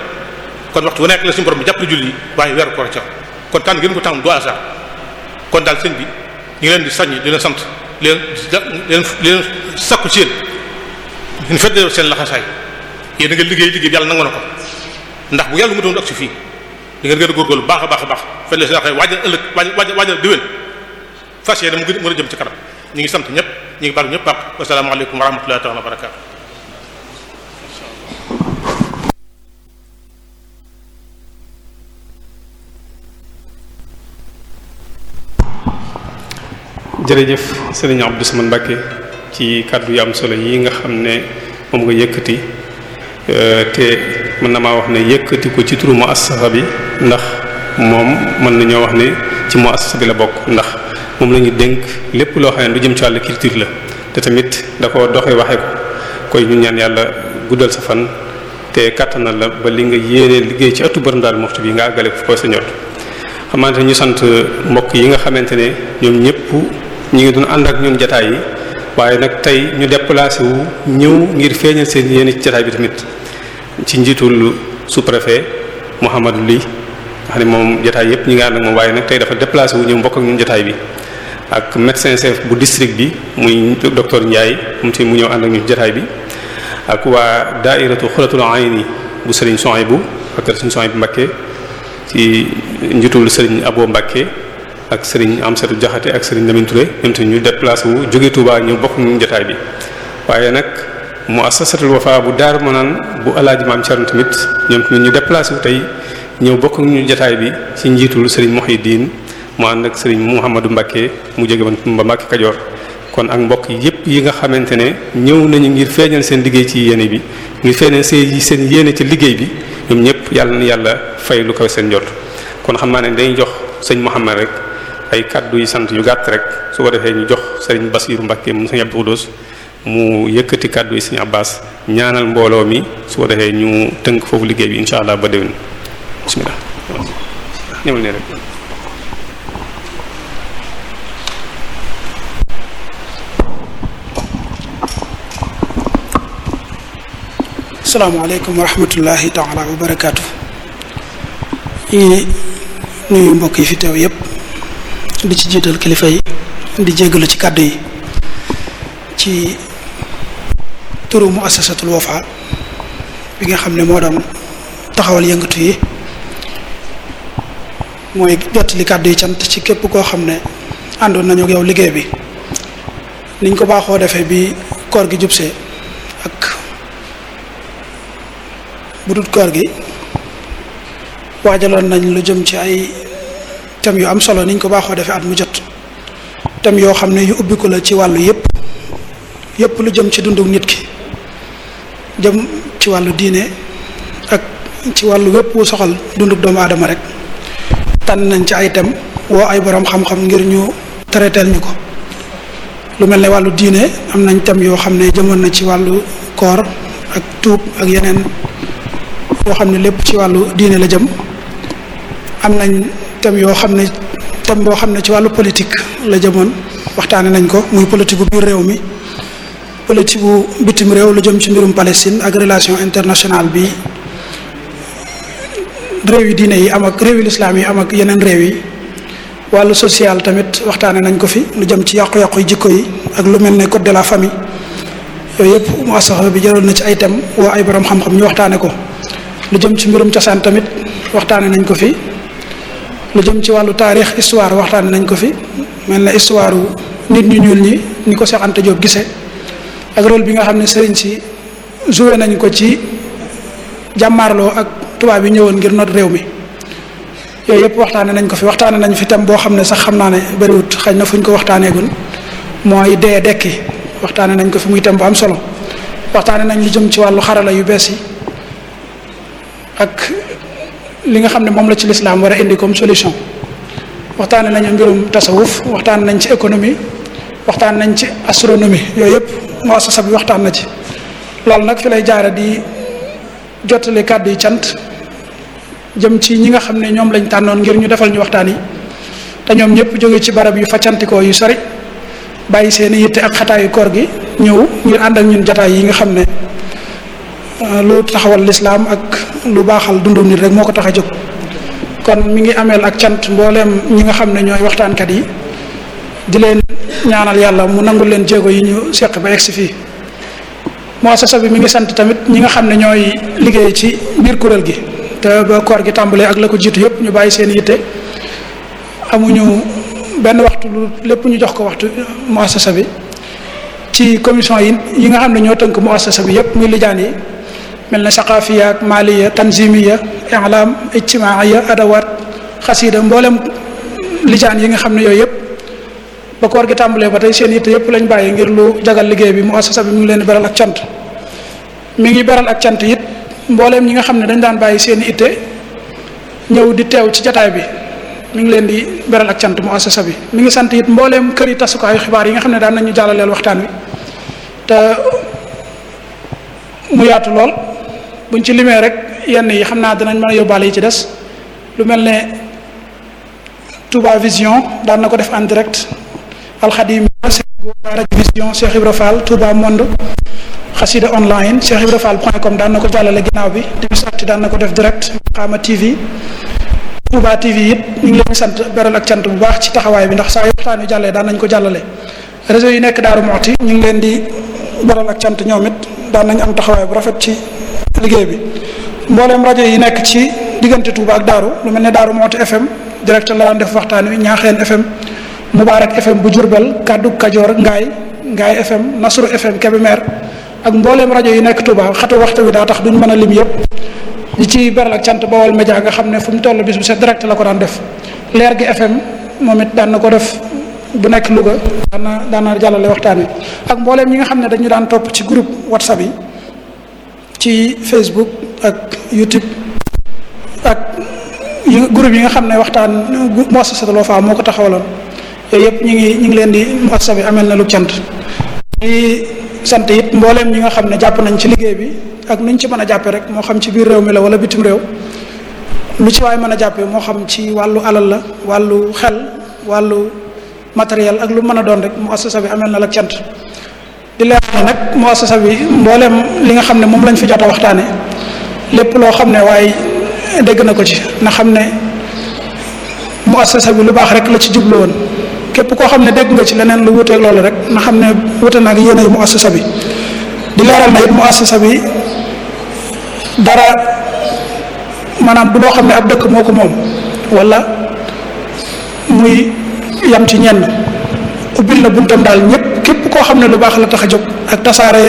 kon waxtu bu nekk la si borom bi jàppale julli yi waaye weeru koor ca kon tànn gën ko tànn du hasard kon daal sëñ bi ñu ngi leen di saññ di leen sant leen leen leen sakku ci yéen ñu feddee seen laxasaay yéen da nga liggéey liggéey yàlla nangu na ko ndax bu yàlla mu doon ak si fii di gën a góorgóorlu baax a baax a baax feddee seen laxasaay waajal ëllëg waajal waajal déwén fas yéene mu gën a jëm ci kanam ñu ngi sant ñëpp ñu ngi baalu ñëpp baax wasalaamaaleykum wa rahmatullahi taala wa jërëjëf sëriñ Abdou Samane Mbacké ci kàddu yu am solo yi nga xam ne moom nga yëkkati euh, te mën na maa wax ne yëkkati ko ci turu muassasa bi ndax moom mën nañoo wax ne ci muassasa bi la bokk ndax moom la ñu dénk lépp loo xam ne lu jëm ci wàllu culture la te tamit da ko doxe waxe ko koy ñu ñaan yàlla guddal sa fan te kattanal la ba li nga yéene liggéey ci atu bërëm daal moxtu bi nga àggale ko koy sa ñor xamante ñu sant mbokk yi nga xamante ne ñoom ñëpp ñu ngi doon ànd ak ñun jataay yi waaye nag tey ñu déplacé wu ñëw ngir feeñal seen yéene ci jataay bi tamit ci njiitul sous-préfet Mouhamadou Ly xam ne moom jataay yëpp ñi nga ànd ak moom waaye nag tey dafa déplacé wu ñëw mbokk ak ñun jataay bi ak médecin chef bu district bi muy docteur Ndiaye moom si mu ñëw ànd ak ñun jataay bi ak waa daairatu xulatul ayni bu Serigne bu ak Serigne bu Mbacké ci njiitul Serigne Abo Mbacké ak am Amsatou Diakhaté ak sëriñ Lamine Touré ñoom tamit ñu déplacé wu jóge Touba ñu bokk ñu jotaay bi waaye nag muassasatul Wafa bu Darou naan bu alaaji maam Thierno tamit ñoom tamit ñu déplacé wu tey ñëw bokk ñu jotaay bi ci njiitul sëriñ diin mu ànd ak sëriñ Mouhamadou Mbacké mu jóge ba Kajoor kon ak mbokk yépp yi nga xamante ne ñëw nañu ngir feeñal seen liggéey ci yéene bi ngir feeñal seen seen yéene ci liggéey bi ñoom ñépp yàlla na yàlla fay lu ko seen jot kon xam naa ne dañuy jox sëñ Mouhamed rek ay kàddu yi sant yu gàtt rek su ko defee ñu jox sëriñ Basiiru Mbàkke mu sëriñ Abdou Xudoos mu yëkkati kàddu yi sëriñ Abbas ñaanal mbooloo mi su ko defee ñu tënk foofu liggéey bi incha allah ba déwén bismillah ñëwal ne rek asalaamaaleykum wa rahmatullahi taala mbokk yi fi teew yépp di ci jiital kilifa yi di jégalu ci kàddu yi ci turu mu assasatul bi nga xam ne moo doon taxawal yëngatu yi mooy jot li kàddu yi cant ci képp koo xam ne àndoon nañu yow liggéey bi niñ ko baaxoo defee bi koor gi jubsee ak bu dul koor gi waajaloon nañ lu jëm ci ay thèmes yu am solo niñ ko baaxoo defee at mu jot thèmes yoo xam ne yu ubbiku la ci wàllu yépp yépp lu jëm ci dundu nit ki jëm ci wàllu diine ak ci wàllu wépp wu soxal dundu doomu aadama rek tànn nañ ci ay thèmes woo ay boroom xam-xam ngir ñu traiteel ñu ko lu mel ne wàllu diine am nañ tam yoo xam ne jëmoon na ci wàllu koor ak tuub ak yeneen yoo xam ne lépp ci wàllu diine la jëm am nañ thèmes yoo xam ne thème boo xam ne ci wàllu politique la jëmoon waxtaane nañ ko muy politique bu biir réew mi politique bu bitim réew lu jëm ci mbirum Palestine ak relation internationale bi réew yi yi am ak réew yi am ak yeneen réew yi wàllu social tamit waxtaane nañ ko fi lu jëm ci yàqu-yàqu yi jikko yi ak lu mel ne code de la famille yooyu yëpp mu asaxa bi jëloon na ci ay thèmes woo ay borom xam-xam ñu waxtaane ko lu jëm ci mbirum cosaan tamit waxtaane nañ ko fi lu jëm ci wàllu taarix histoire waxtaane nañ ko fi mel na histoire nit ñu ñuul ñi ni ko Cheikh Anta gise gisee ak rôle bi nga xam ne sëriñ si joué nañ ko ci jàmmaarloo ak tubaab yi ñëwoon ngir not réew mi yooyu yëpp waxtaane nañ ko fi waxtaane nañ fi tam boo xam ne sax xam naa ne bëriwut xëy na fu ñu ko waxtaaneegul mooy dee dekki waxtaane nañ ko fi muy tam bu am solo waxtaane nañ lu jëm ci wàllu xarala yu bees yi ak li nga xam ne moom la ci lislaam war a indi comme solution waxtaane nañu mbirum tasawuf waxtaan nañ ci économie waxtaan nañ ci astronomie yooyu yëpp muassasa bi waxtaan na ci loolu nag fi lay jaare di jottali kàddu yi cant jëm ci ñi nga xam ne ñoom lañ tànnoon ngir ñu defal ñu waxtaan yi te ñoom ñëpp jóge ci barab yu facantikoo yu sore bàyyi seen i yitte ak xataayu koor gi ñëw ngir ànd ak ñun jataay yi nga xam ne Euh, lu taxawal lislaam ak lu baaxal dundu nit rek moo ko tax a jóg kon mi ngi ameel ak cant mbooleem ñi nga xam ne ñooy waxtaankat yi di leen ñaanal yàlla mu nangu leen jéego yi ñu seq ba egsi fii muassasa bi mi ngi sant tamit ñi nga xam ne ñooy liggéey ci biir kuréel gi te ba koor gi tàmbalee ak la ko jiitu yëpp ñu bàyyi seen yitte amuñu benn waxtu lu lépp ñu jox ko waxtu muassasa bi ci commission yi yi nga xam ne ñoo tënk muassasa bi yëpp muy lijaan mel na saqaafiya ak maaliya tanzimiya i'lam ya adawaat xasida mboolem lijaan yi nga xam ne yooyu yëpp ba koor gi tàmbalee ba tey seen yitte yëpp lañ bàyyi ngir lu jagal liggéey bi mu asasa bi mu ngi leen beral ak cant mi ngi beral ak cant it mbooleem ñi nga xam ne dañ daan bàyyi seen itte ñëw di teew ci jataay bi mi ngi leen di beral ak cant mu asasa bi mi ngi sant it mbooleem kër yi tasukaayu xibaar yi nga xam ne daan nañu jàllaleel waxtaan wi te mu yaatu lool buñ ci limee rek yenn yi xam naa danañ mën a yóbbaale yi ci des lu mel ne Touba Vision daan na ko def en direct alxadim Rajo Vision Cheikh Ibra Fall Touba Monde xasida online Cheikh Ibra Fall point com daan na ko jàllale ginnaaw bi timis acti daan na ko def direct xaama TV Touba TV it ñu sant beral ak cant bu baax ci taxawaay bi ndax saa yu waxtaan yu jàllee daan nañ ko jàllale réseau yi nekk Daaru Moxti ñu ngi leen di beral ak cant ñoom it daan nañ am taxawaay bu rafet ci liggéey bi mbooleem rajo yi nekk ci diggante Touba ak Daaru lu mel ne Daaru Mooti FM direct la daan def waxtaan wi Ñaaxeen FM Mubaarak FM bu jur bel kàddu Kajoor Ngaay Ngaay FM Nasru FM Kébémer ak mbooleem rajo yi nekk Touba xatu waxtu wi daa tax duñ mën a lim yëpp di ci beral ak cant Bawol Média nga xam ne fu mu toll bis bu set direct la ko daan def leer gi FM moom it daan na ko def bu nekk luga daan na daan na jàllale waxtaan wi ak mbooleem ñi nga xam ne dañu daan topp ci groupe WhatsApp yi ci Facebook ak YouTube ak groupe yi nga xam ne waxtaan muassasatul Wafa moo ko taxawaloon yooyu yëpp ñu ngi ñu leen di muassasa bi amel na lu cant di sant it mbooleem ñi nga xam ne jàpp nañ ci liggéey bi ak nuñ ci mën a jàppe rek moo xam ci biir réew mi la wala bitim réew lu waay mën a jàppe moo xam ci wàllu alal la wàllu xel wàllu matériel ak lu mën a doon rek muassasa bi amel na la cant di leer ne nag sa bi mbooleem li nga xam ne moom lañ fi jot a waxtaane lépp loo xam ne waaye dégg na ko ci na xam ne muassasa bi lu baax rek la ci jublu woon képp koo xam ne dégg nga ci leneen lu wuteeg loolu rek na xam ne wute naag yéen ay muassasa bi di leeral na it muassasa bi dara maanaam bu doo xam ne ab dëkk moo ko moom wala muy yam ci ñenn ubbil na buntam daal ñëpp koo xam ne lu baax la tax a jóg ak tasaare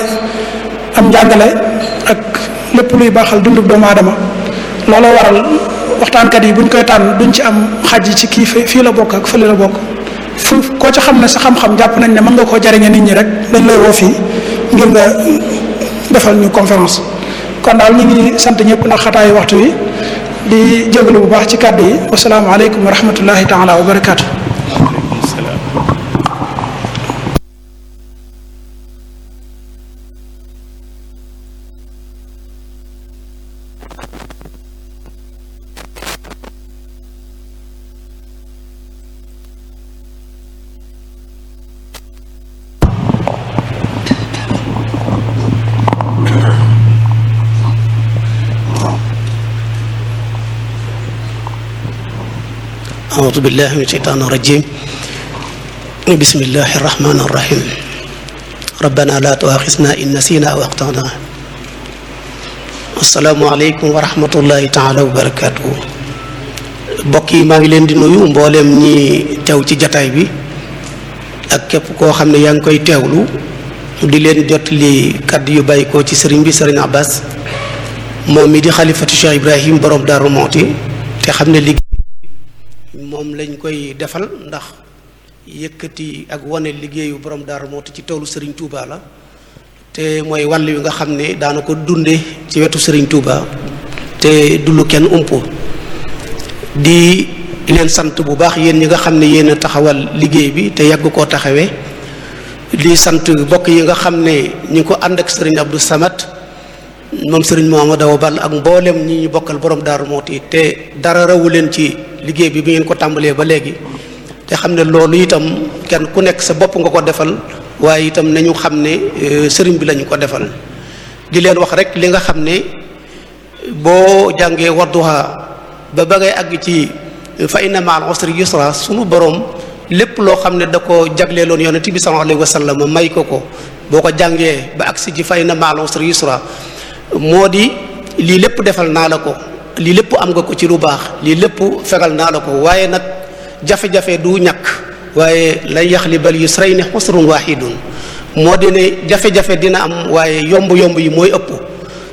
am njàngale ak lépp luy baaxal dundu doomu aadama looloo waral waxtaankat yi buñ koy tànn duñ ci am xaj ci kii fii la bokk ak fële la bokk fu ko ci xam ne sa xam-xam jàpp nañ ne mën nga koo jariñe nit ñi rek dañ lay woo fii ngir nga defal ñu conférence kon daal ñu ngi sant ñëpp na xataayu waxtu yi di jégalu bu baax ci kàddu yi wasalaamaaleykum wa rahmatullahi taala wa barakaatu. أعوذ بالله من الشيطان الرجيم بسم الله الرحمن الرحيم ربنا لا تؤاخذنا إن نسينا أو أخطأنا aleykum wa rahmatullahi wa barakaatu mbokk yi maa ngi leen di nuyu mbooleem ñi teew ci jataay bi ak képp koo xam ne yaa ngi koy teewlu di leen jot li kàddu yu bàyyi koo ci sëriñ bi sëriñ Abbas moom mi di xalifatu Cheikh Ibrahim borom Daaru Muxti te xam ne liggéey moom lañ koy defal ndax yëkkati ak wane liggéeyu borom Darou Moukhty ci toolu sëriñ Touba la te mooy wàll yu nga xam ne daana ko dunde ci wetu sëriñ Touba te du kenn umpo di leen sant bu baax yéen ñi nga xam ne yéen taxawal liggéey bi te yàgg koo taxawee di sant bokk yi nga xam ne ñu ngi ko ànd ak Serigne Abdou Samad moom Serigne Mamadou Ball ak mboolem ñi ñu bokkal borom Darou Moukhty te dara rawu leen ci. liggéey bi bi ngeen ko tàmbalee ba léegi te xam ne loolu itam kenn ku nekk sa bopp nga ko defal waaye itam nañu xam ne euh, sëriñ bi lañu ko defal di leen wax rek li nga xam ne boo jàngee Wadduha ba ba ngay àgg ci fa inna ma'al usri yusra sunu borom lépp loo xam ne da ko jagleeloon yonent bi sallallahu alayhi wa sallam may ko ko boo ko jàngee ba agsi ci fa inna ma'al usri moo di lii lépp defal naa la ko lii lépp am nga ko ci lu baax lii lépp fegal naa la ko waaye nag jafe-jafe du ñàkk waaye lay yaxli bal yusrayni xusrun wahidun moo di ne jafe-jafe dina am waaye yomb-yomb yi mooy ëpp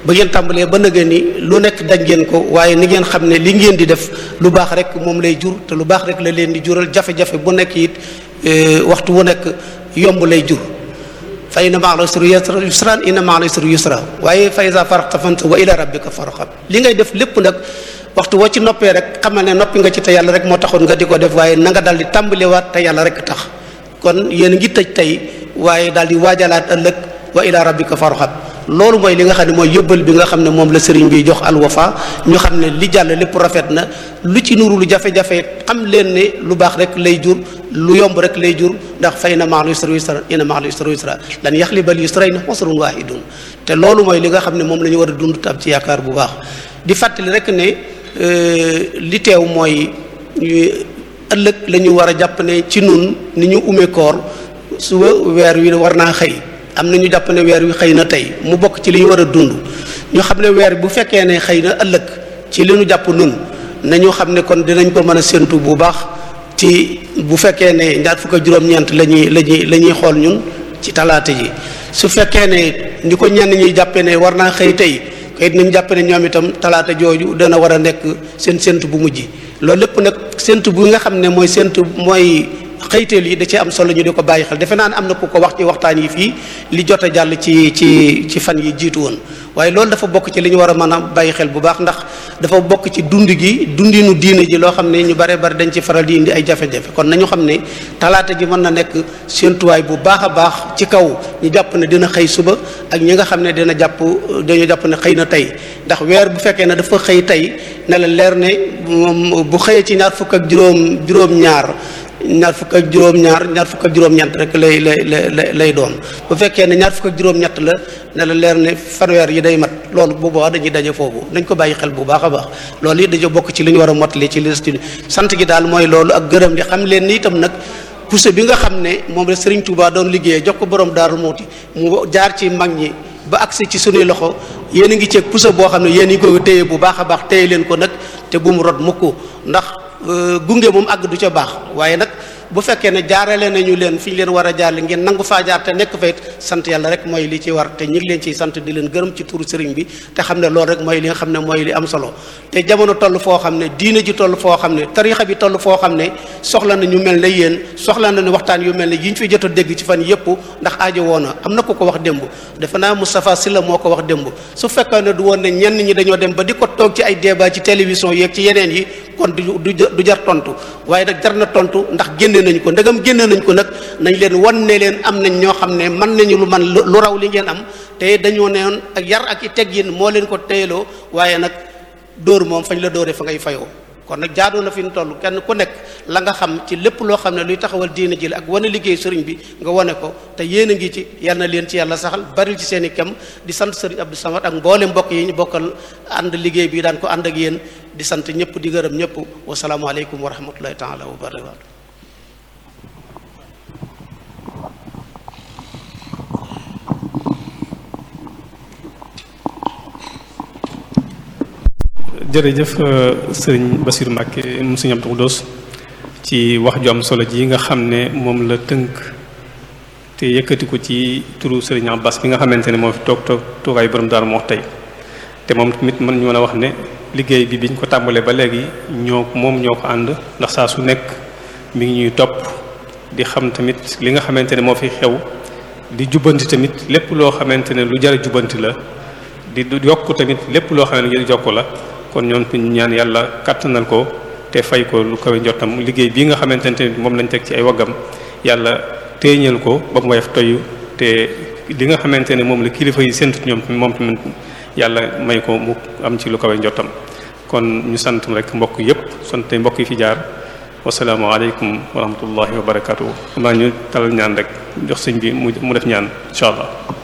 ba ngeen tàmbalee ba nëgë ni lu nekk daj ngeen ko waaye ni ngeen xam ne li ngeen di def lu baax rek moom lay jur te lu baax rek la leen di jural jafe-jafe bu nekk it eh, waxtu wu nekk yomb lay jur fa inna ma'al usri yusran yusran inna ma'al usri yusra waaye fa iza faraghta fansab wa ila rabbika farghab li ngay def lépp nag waxtu woo ci noppee rek xamal ne noppi nga ci te yàlla rek moo taxoon nga di ko def waaye na nga dal di tàmbaliwaat te yàlla rek tax kon yéen ngi tëj tey waaye daal di waajalaat ëllëg wa ila rabbika farghab loolu mooy li nga xam ne mooy yëbbal bi nga xam ne moom la sëriñ bi jox alwafa ñu xam ne li jàll lépp rafet na lu ci nuru lu jafe-jafe xam leen ne lu baax rek lay jur lu yomb rek lay jur ndax fay na ma'al yusra yusra inna ma'al yusra yusra lan yaxlibal yusrayni usrun waahidun te loolu mooy li nga xam ne moom la ñu war a dund tam ci yaakaar bu baax di fàttali rek ne euh, li teew mooy ëllëg lañu war a jàpp ne ci nun ni ñu umee koor su weer wi war naa xëy am na ñu jàpp ne weer wi xëy na tey mu bokk ci li ñu war a dund ñu xam ne weer bu fekkee ne xëy na ëllëg ci li ñu jàpp nun nañu xam ne kon dinañ ko mën a séntu bu baax ci bu fekkee ne ñaar fukk ak la ñuy la ñuy la ñuy xool ñun ci talaata ji su fekkee ne ñu ko ñenn ñuy jàppee ne war naa xëy tey kay dinañ jàpp ne ñoom itam talaata jooju dana war a nekk seen séntu bu mujj loolu lépp nag séntu bu nga xam ne mooy séntu mooy xëyteel yi da cee am solo ñu di ko bàyyi xel defe naa ne am na ku ko wax ci waxtaan yi fii li jot a jàll ci ci ci fan yi jiitu woon waaye loolu dafa bokk ci li ñu war a mën a bàyyi xel bu baax ndax dafa bokk ci dund gi dundinu diine ji loo xam ne ñu bare bari dañ ci faral di indi ay jafe-jafe kon nañu xam ne talaata ji mën na nekk séentuwaay bu baax a baax ci kaw ñu jàpp ne dina xëy suba ak ñi nga xam ne dina jàpp dañu jàpp ne xëy na tey ndax weer bu fekkee ne dafa xëy tey ne la leer ne mm, bu xëyee ci ñaar fukk ak juróom juróom ñaar fukk ak juróom-ñaar ñaar fukk ak juróom-ñett rek lay lay lay doon bu fekkee ne ñaar fukk ak juróom-ñett la ne la leer ne fanweer yi day mat loolu bu boobaa dañuy daje foofu nañ ko bàyyi xel bu baax a baax loolu it dañoo bokk ci li ñu war a mottali ci liste sant gi daal mooy loolu ak gërëm di xam leen ni itam nag pousse bi nga xam ne moom la Serigne Touba doon liggéeyee jox ko borom Darou Mouhty mu jaar ci mag ñi ba agsi ci sunuy loxo yéen a ngi ceeg pousse boo xam ne yéen a ngi ko téye bu baax a baax téye leen ko nag te mu rot mukk Euh, gunge moom àgg du ca baax waaye nag bu fekkee ne jaarale nañu leen fi ñu leen war a jaarale ngeen nangu faa jaar te nekk fa sant yàlla rek mooy li ci war te ñu ngi leen ciy sant di leen gërëm ci turu sëriñ bi te xam ne loolu rek mooy li nga xam ne mooy li am solo te jamono toll foo xam ne diine ji toll foo xam ne tarixa bi toll foo xam ne soxla na ñu mel ne yéen soxla nañu waxtaan yu mel ne yi ñu fi jot dégg ci fan yëpp ndax aajo woon na am na ku ko wax démb defe naa Moustapha Sylla moo ko wax démb su fekkee ne du woon ne ñenn ñi dañoo dem ba di toog ci ay débat ci télévision yeeg ci yeneen yi kon du du jar tontu waaye nag jar na tontu ndax génne nañ ko ndegam génne nañ ko nag nañ leen wan ne leen am nañ ñoo xam ne mën nañu lu man lu raw li ngeen am te dañoo neewoon ak yar ak i teg teggin moo leen ko teeloo waaye nag dóor moom fañ la dóoree fa ngay fayoo. kon nag jaadoo na fi ñu toll kenn ku nekk la nga xam ci lépp loo xam ne luy taxawal diina ji la ak wane liggéey sëriñ bi nga wane ko te yéen a ngi ci yal na leen ci yàlla saxal baril ci seen i kem di sant sëriñ Abdou Samad ak mboolem mbokk yi ñu bokkal ànd liggéey bii daan ko ànd ak yéen di sant ñëpp di gërëm ñëpp wasalaamualeykum wa rahmatullahi taala wa barakatu jërëjëf euh, sëriñ Basiru Mbàkke mu sëriñ Abdu Xudoos ci wax joom solo ji nga xam ne moom la tënk te yëkkati ko ci turu sëriñ Abbas bi nga xamante ne moo fi toog toog toogaayu borom Daaru Muxti tey te moom tamit mën ñu mën a wax ne liggéey bi biñ ko tàmbalee ba léegi ñoo moom ñoo ko ànd ndax saa su nekk mi ngi ñuy topp di xam tamit li nga xamante ne moo fi xew di jubbanti tamit lépp loo xamante ne lu jar jubbanti la di yokk tamit lépp loo xam ne lu la kon ñoon ñu ñaan yàlla kàttanal ko te fay ko lu kawe njottam liggéey bii nga xamante ne moom lañ teg ci ay waggam yàlla téeñal ko ba mu woyof toyu te li nga xamante ne moom la kilifa yi séntu ñoom moom tamit yàlla may ko mu am ci lu kawe njottam kon ñu sant rek mbokk yépp sant mbokk yi fi jaar wasalaamaaleykum wa rahmatullahi wa barakaatu. xam ñu talal ñaan rek jox sëñ bi mu def ñaan incha allah.